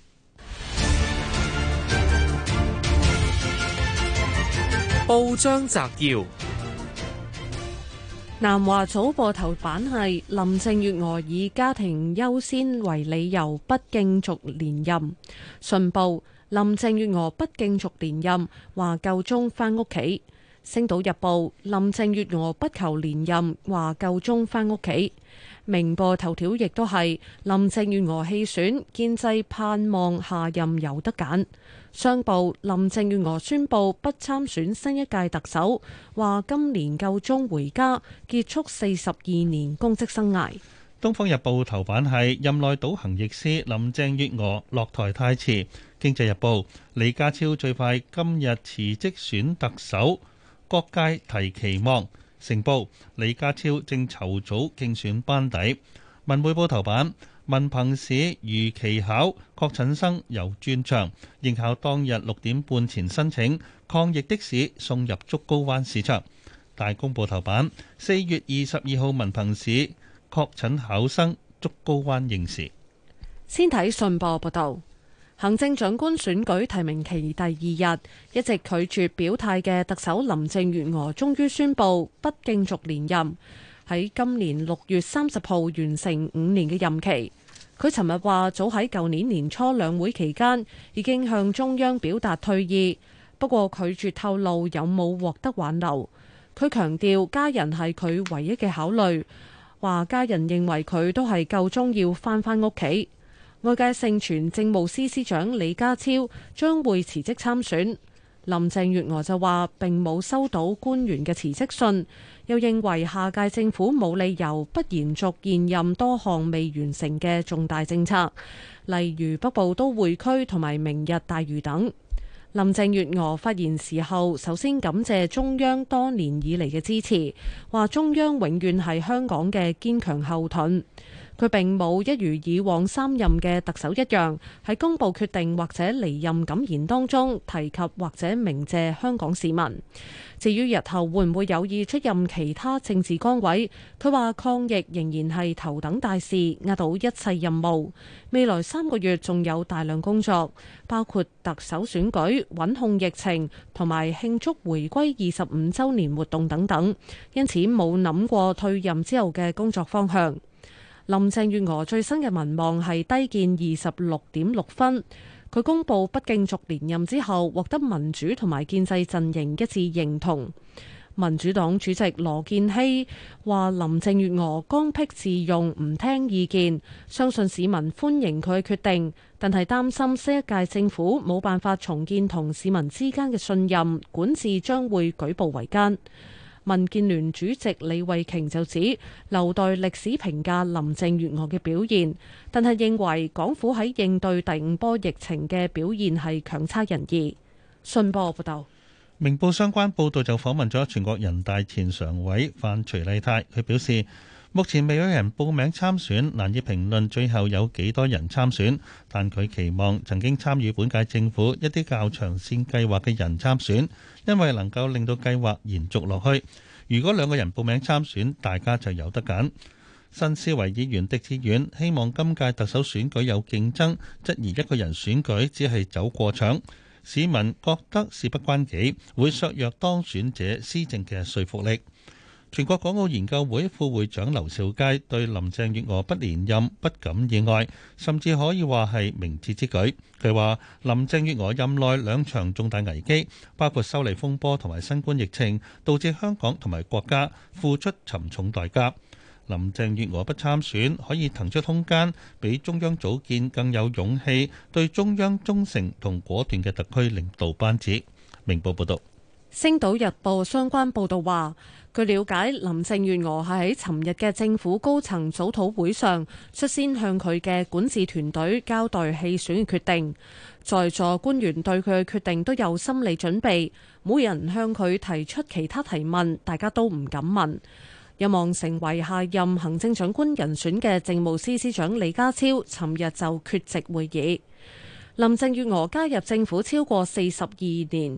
報章摘要：南華早報頭版係林鄭月娥以家庭優先為理由不競逐連任。信報：林鄭月娥不競逐連任，話夠鐘返屋企。星島日報：林鄭月娥不求連任，話夠鐘返屋企。明報頭條亦都係林鄭月娥棄選，建制盼望下任有得揀。商報，林鄭月娥宣佈不參選新一屆特首，話今年夠鐘回家，結束四十二年公職生涯。東方日報頭版係任內倒行逆施，林鄭月娥落台太遲。經濟日報李家超，最快今日辭職選特首，各界提期望。成報，李家超正籌組競選班底。文匯報頭版。文憑試如期考，確診生由轉場應考當日六點半前申請抗疫的士送入竹篙灣市場。大公報頭版四月二十二號文憑試確診考生竹篙灣應試。先睇信報報道，行政長官選舉提名期第二日，一直拒絕表態嘅特首林鄭月娥終於宣布不競逐連任，喺今年六月三十號完成五年嘅任期。佢尋日話：早喺舊年年初兩會期間已經向中央表達退意，不過拒絕透露有冇獲得挽留。佢強調家人係佢唯一嘅考慮，話家人認為佢都係夠鐘要翻返屋企。外界盛傳政務司司長李家超將會辭職參選，林鄭月娥就話並冇收到官員嘅辭職信。又認為下屆政府冇理由不延續現任多項未完成嘅重大政策，例如北部都會區同埋明日大嶼等。林鄭月娥發言時候首先感謝中央多年以嚟嘅支持，話中央永遠係香港嘅堅強後盾。佢並冇一如以往三任嘅特首一樣喺公佈決定或者離任感言當中提及或者明謝香港市民。至於日後會唔會有意出任其他政治崗位，佢話抗疫仍然係頭等大事，壓倒一切任務。未來三個月仲有大量工作，包括特首選舉、穩控疫情同埋慶祝回歸二十五週年活動等等，因此冇諗過退任之後嘅工作方向。林鄭月娥最新嘅民望係低見二十六點六分。佢公布不競逐連任之後，獲得民主同埋建制陣營一致認同。民主黨主席羅健熙話：林鄭月娥剛愎自用，唔聽意見，相信市民歡迎佢嘅決定，但係擔心新一屆政府冇辦法重建同市民之間嘅信任，管治將會舉步維艱。民建聯主席李慧瓊就指，留待歷史評價林鄭月娥嘅表現，但係認為港府喺應對第五波疫情嘅表現係強差人意。信報報道，明報相關報道就訪問咗全國人大前常委范徐麗泰，佢表示。目前未有人報名參選，難以評論最後有幾多人參選，但佢期望曾經參與本屆政府一啲較長線計劃嘅人參選，因為能夠令到計劃延續落去。如果兩個人報名參選，大家就有得揀。新思維議員狄志遠希望今屆特首選舉有競爭，質疑一個人選舉只係走過場，市民覺得事不關己，會削弱當選者施政嘅說服力。全國港澳研究會副會長劉兆佳對林鄭月娥不連任不感意外，甚至可以話係明智之舉。佢話：林鄭月娥任內兩場重大危機，包括修例風波同埋新冠疫情，導致香港同埋國家付出沉重代價。林鄭月娥不參選，可以騰出空間，俾中央組建更有勇氣、對中央忠誠同果斷嘅特區領導班子。明報報道。《星島日報》相關報道話，據了解，林鄭月娥係喺尋日嘅政府高層早討會上率先向佢嘅管治團隊交代棄選嘅決定，在座官員對佢嘅決定都有心理準備，冇人向佢提出其他提問，大家都唔敢問。有望成為下任行政長官人選嘅政務司司長李家超，尋日就缺席會議。林鄭月娥加入政府超過四十二年。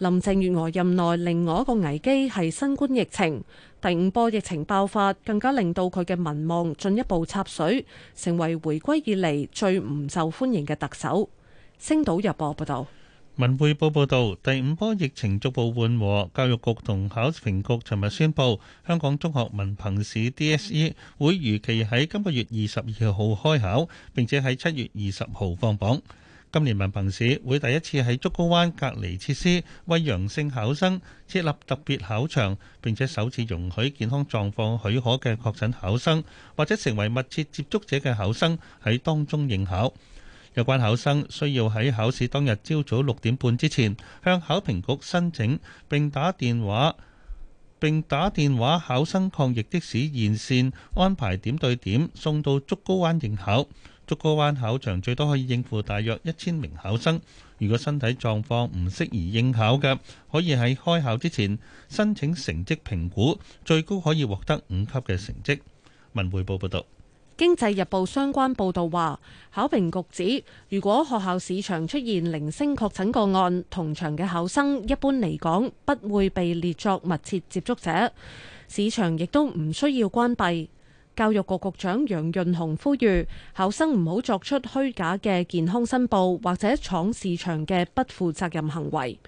林鄭月娥任內另外一個危機係新冠疫情，第五波疫情爆發，更加令到佢嘅民望進一步插水，成為回歸以嚟最唔受歡迎嘅特首。星島日報報道。《文匯報》報道，第五波疫情逐步緩和，教育局同考評局尋日宣布，香港中學文憑試 DSE 會如期喺今個月二十二號開考，並且喺七月二十號放榜。今年文憑試會第一次喺竹篙灣隔離設施為陽性考生設立特別考場，並且首次容許健康狀況許可嘅確診考生或者成為密切接觸者嘅考生喺當中應考。有關考生需要喺考試當日朝早六點半之前向考評局申請，並打電話，並打電話考生抗疫的士熱線安排點對點送到竹篙灣應考。竹篙灣考場最多可以應付大約一千名考生。如果身體狀況唔適宜應考嘅，可以喺開考之前申請成績評估，最高可以獲得五級嘅成績。文匯報報道，經濟日報相關報道話，考評局指，如果學校試場出現零星確診個案，同場嘅考生一般嚟講不會被列作密切接觸者，試場亦都唔需要關閉。教育局局長楊潤雄呼籲考生唔好作出虛假嘅健康申報或者闖市場嘅不負責任行為。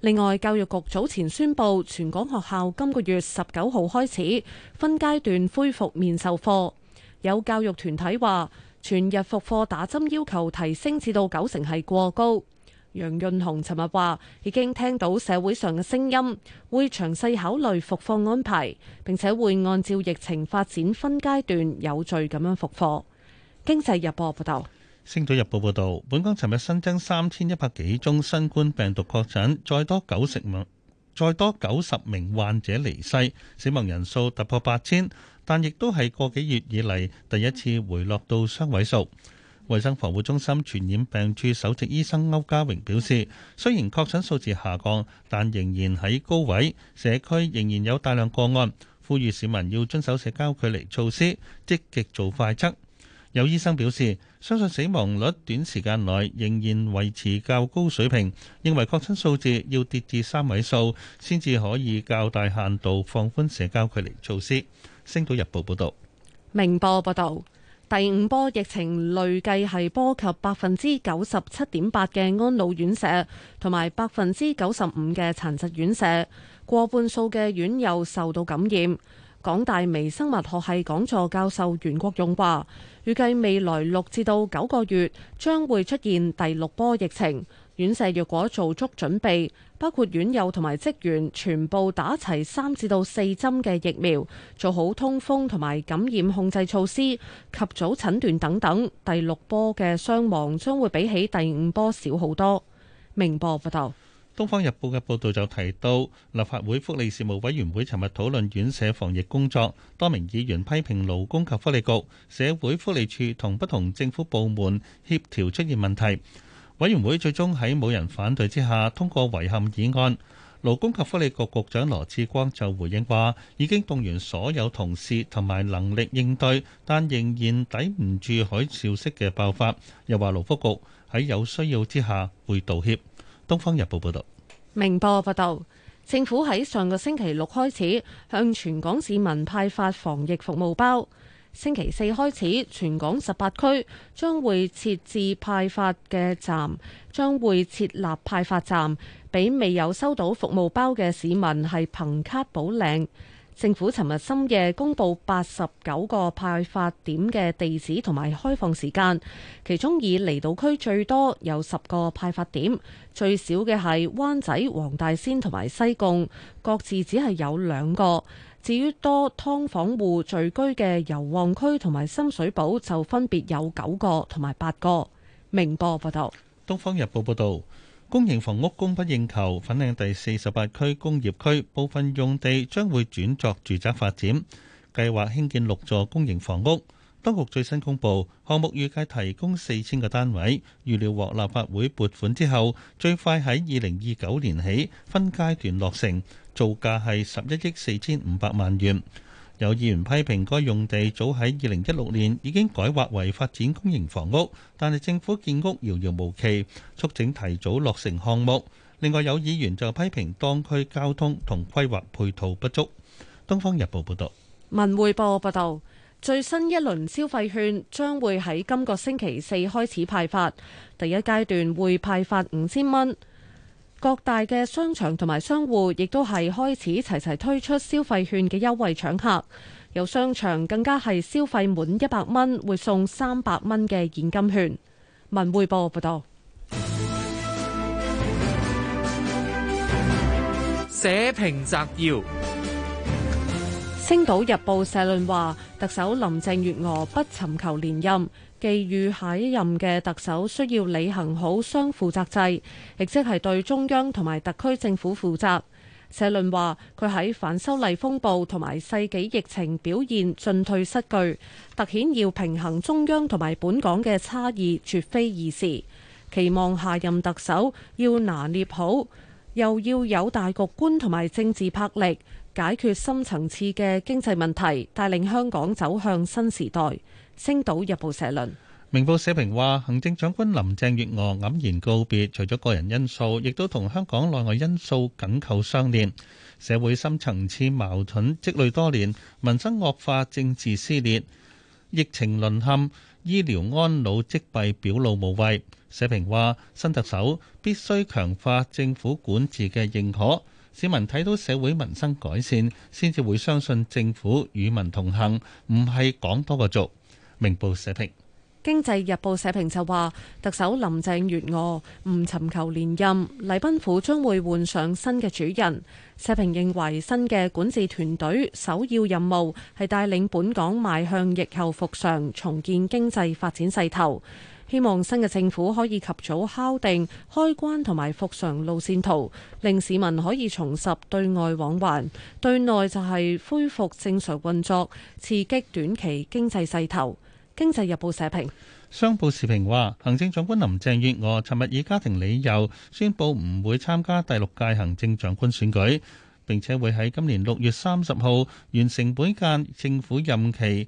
另外，教育局早前宣布，全港學校今個月十九號開始分階段恢復面授課。有教育團體話，全日復課打針要求提升至到九成係過高。楊潤雄尋日話，已經聽到社會上嘅聲音，會詳細考慮復課安排，並且會按照疫情發展分階段有序咁樣復課。經濟日報報道，星島日報報道，本港尋日新增三千一百幾宗新冠病毒確診，再多九十，再多九十名患者離世，死亡人數突破八千，但亦都係個幾月以嚟，第一次回落到雙位數。衛生防護中心傳染病處首席醫生歐家榮表示，雖然確診數字下降，但仍然喺高位，社區仍然有大量個案，呼籲市民要遵守社交距離措施，積極做快測。有醫生表示，相信死亡率短時間內仍然維持較高水平，認為確診數字要跌至三位數，先至可以較大限度放寬社交距離措施。星島日報報道，明報報道。第五波疫情累計係波及百分之九十七點八嘅安老院舍，同埋百分之九十五嘅殘疾院舍，過半數嘅院友受到感染。港大微生物學系講座教授袁國勇話，預計未來六至到九個月將會出現第六波疫情。院舍若果做足準備，包括院友同埋職員全部打齊三至到四針嘅疫苗，做好通風同埋感染控制措施，及早診斷等等，第六波嘅傷亡將會比起第五波少好多。明報報道，《東方日報》嘅報道就提到，立法會福利事務委員會尋日討論院舍防疫工作，多名議員批評勞工及福利局、社會福利處同不同政府部門協調出現問題。委員會最終喺冇人反對之下通過遺憾議案。勞工及福利局局長羅志光就回應話：已經動員所有同事同埋能力應對，但仍然抵唔住海嘯式嘅爆發。又話勞福局喺有需要之下會道歉。《東方日報》報道，明報報道，政府喺上個星期六開始向全港市民派發防疫服務包。星期四開始，全港十八區將會設置派發嘅站，將會設立派發站，俾未有收到服務包嘅市民係憑卡補領。政府尋日深夜公布八十九個派發點嘅地址同埋開放時間，其中以離島區最多，有十個派發點，最少嘅係灣仔、黃大仙同埋西貢，各自只係有兩個。至於多㓥房戶聚居嘅油旺區同埋深水埗，就分別有九個同埋八個。明報報道：《東方日報》報導，公營房屋供不應求，粉嶺第四十八區工業區部分用地將會轉作住宅發展，計劃興建六座公營房屋。當局最新公佈，項目預計提供四千個單位，預料獲立法會撥款之後，最快喺二零二九年起分階段落成。造價係十一億四千五百萬元。有議員批評該用地早喺二零一六年已經改劃為發展公營房屋，但係政府建屋遙遙無期，促請提早落成項目。另外有議員就批評當區交通同規劃配套不足。東方日報報道。文匯報報道，最新一輪消費券將會喺今個星期四開始派發，第一階段會派發五千蚊。各大嘅商場同埋商戶亦都係開始齊齊推出消費券嘅優惠搶客，有商場更加係消費滿一百蚊會送三百蚊嘅現金券。文匯報報道：社評摘要：《星島日報》社論話，特首林鄭月娥不尋求連任。寄予下一任嘅特首需要履行好雙負責制，亦即係對中央同埋特區政府負責。社論話佢喺反修例風暴同埋世紀疫情表現進退失據，凸顯要平衡中央同埋本港嘅差異絕非易事。期望下任特首要拿捏好，又要有大局觀同埋政治魄力，解決深層次嘅經濟問題，帶領香港走向新時代。星島日報社論，明報社評話，行政長官林鄭月娥黯然告別，除咗個人因素，亦都同香港內外因素緊扣相連。社會深層次矛盾積累多年，民生惡化，政治撕裂，疫情淪陷，醫療安老積弊表露無遺。社評話，新特首必須強化政府管治嘅認可，市民睇到社會民生改善，先至會相信政府與民同行，唔係講多過做。明報社評，《經濟日報》社評就話：特首林鄭月娥唔尋求連任，禮賓府將會換上新嘅主人。社評認為新嘅管治團隊首要任務係帶領本港邁向疫後復常，重建經濟發展勢頭。希望新嘅政府可以及早敲定開關同埋復常路線圖，令市民可以重拾對外往還，對內就係恢復正常運作，刺激短期經濟勢頭。《經濟日報》社評，商報時評話，行政長官林鄭月娥尋日以家庭理由宣佈唔會參加第六屆行政長官選舉，並且會喺今年六月三十號完成本屆政府任期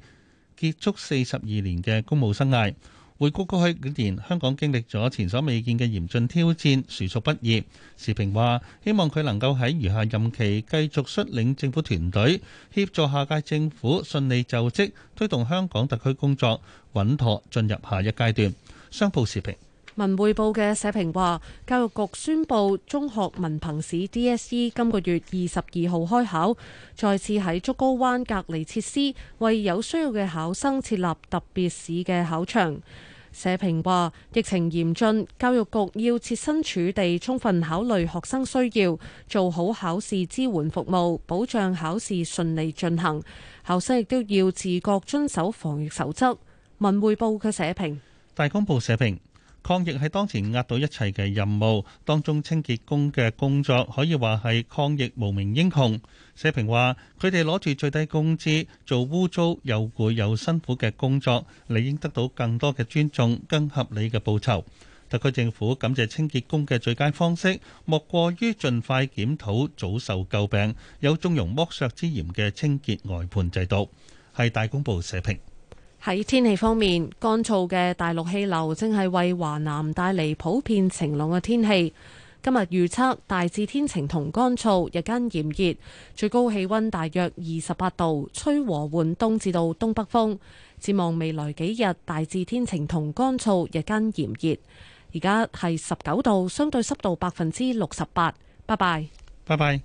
結束四十二年嘅公務生涯。回顧過去幾年，香港經歷咗前所未見嘅嚴峻挑戰，殊屬不易。時評話：希望佢能夠喺餘下任期繼續率領政府團隊協助下屆政府順利就職，推動香港特區工作穩妥進入下一階段。商報時評文匯報嘅社評話：教育局宣布中學文憑試 DSE 今個月二十二號開考，再次喺竹篙灣隔離設施為有需要嘅考生設立特別試嘅考場。社評話：疫情嚴峻，教育局要設身處地，充分考慮學生需要，做好考試支援服務，保障考試順利進行。考生亦都要自覺遵守防疫守則。文匯報嘅社評，大公報社評。抗疫係當前壓倒一切嘅任務，當中清潔工嘅工作可以話係抗疫無名英雄。社評話：佢哋攞住最低工資做污糟又攰又辛苦嘅工作，理應得到更多嘅尊重、更合理嘅報酬。特區政府感謝清潔工嘅最佳方式，莫過於盡快檢討早受詬病、有縱容剝削之嫌嘅清潔外判制度。係大公報社評。喺天氣方面，乾燥嘅大陸氣流正係為華南帶嚟普遍晴朗嘅天氣。今日預測大致天晴同乾燥，日間炎熱，最高氣溫大約二十八度，吹和緩東至到東北風。展望未來幾日，大致天晴同乾燥日間熱，日間炎熱。而家係十九度，相對濕度百分之六十八。拜拜，拜拜。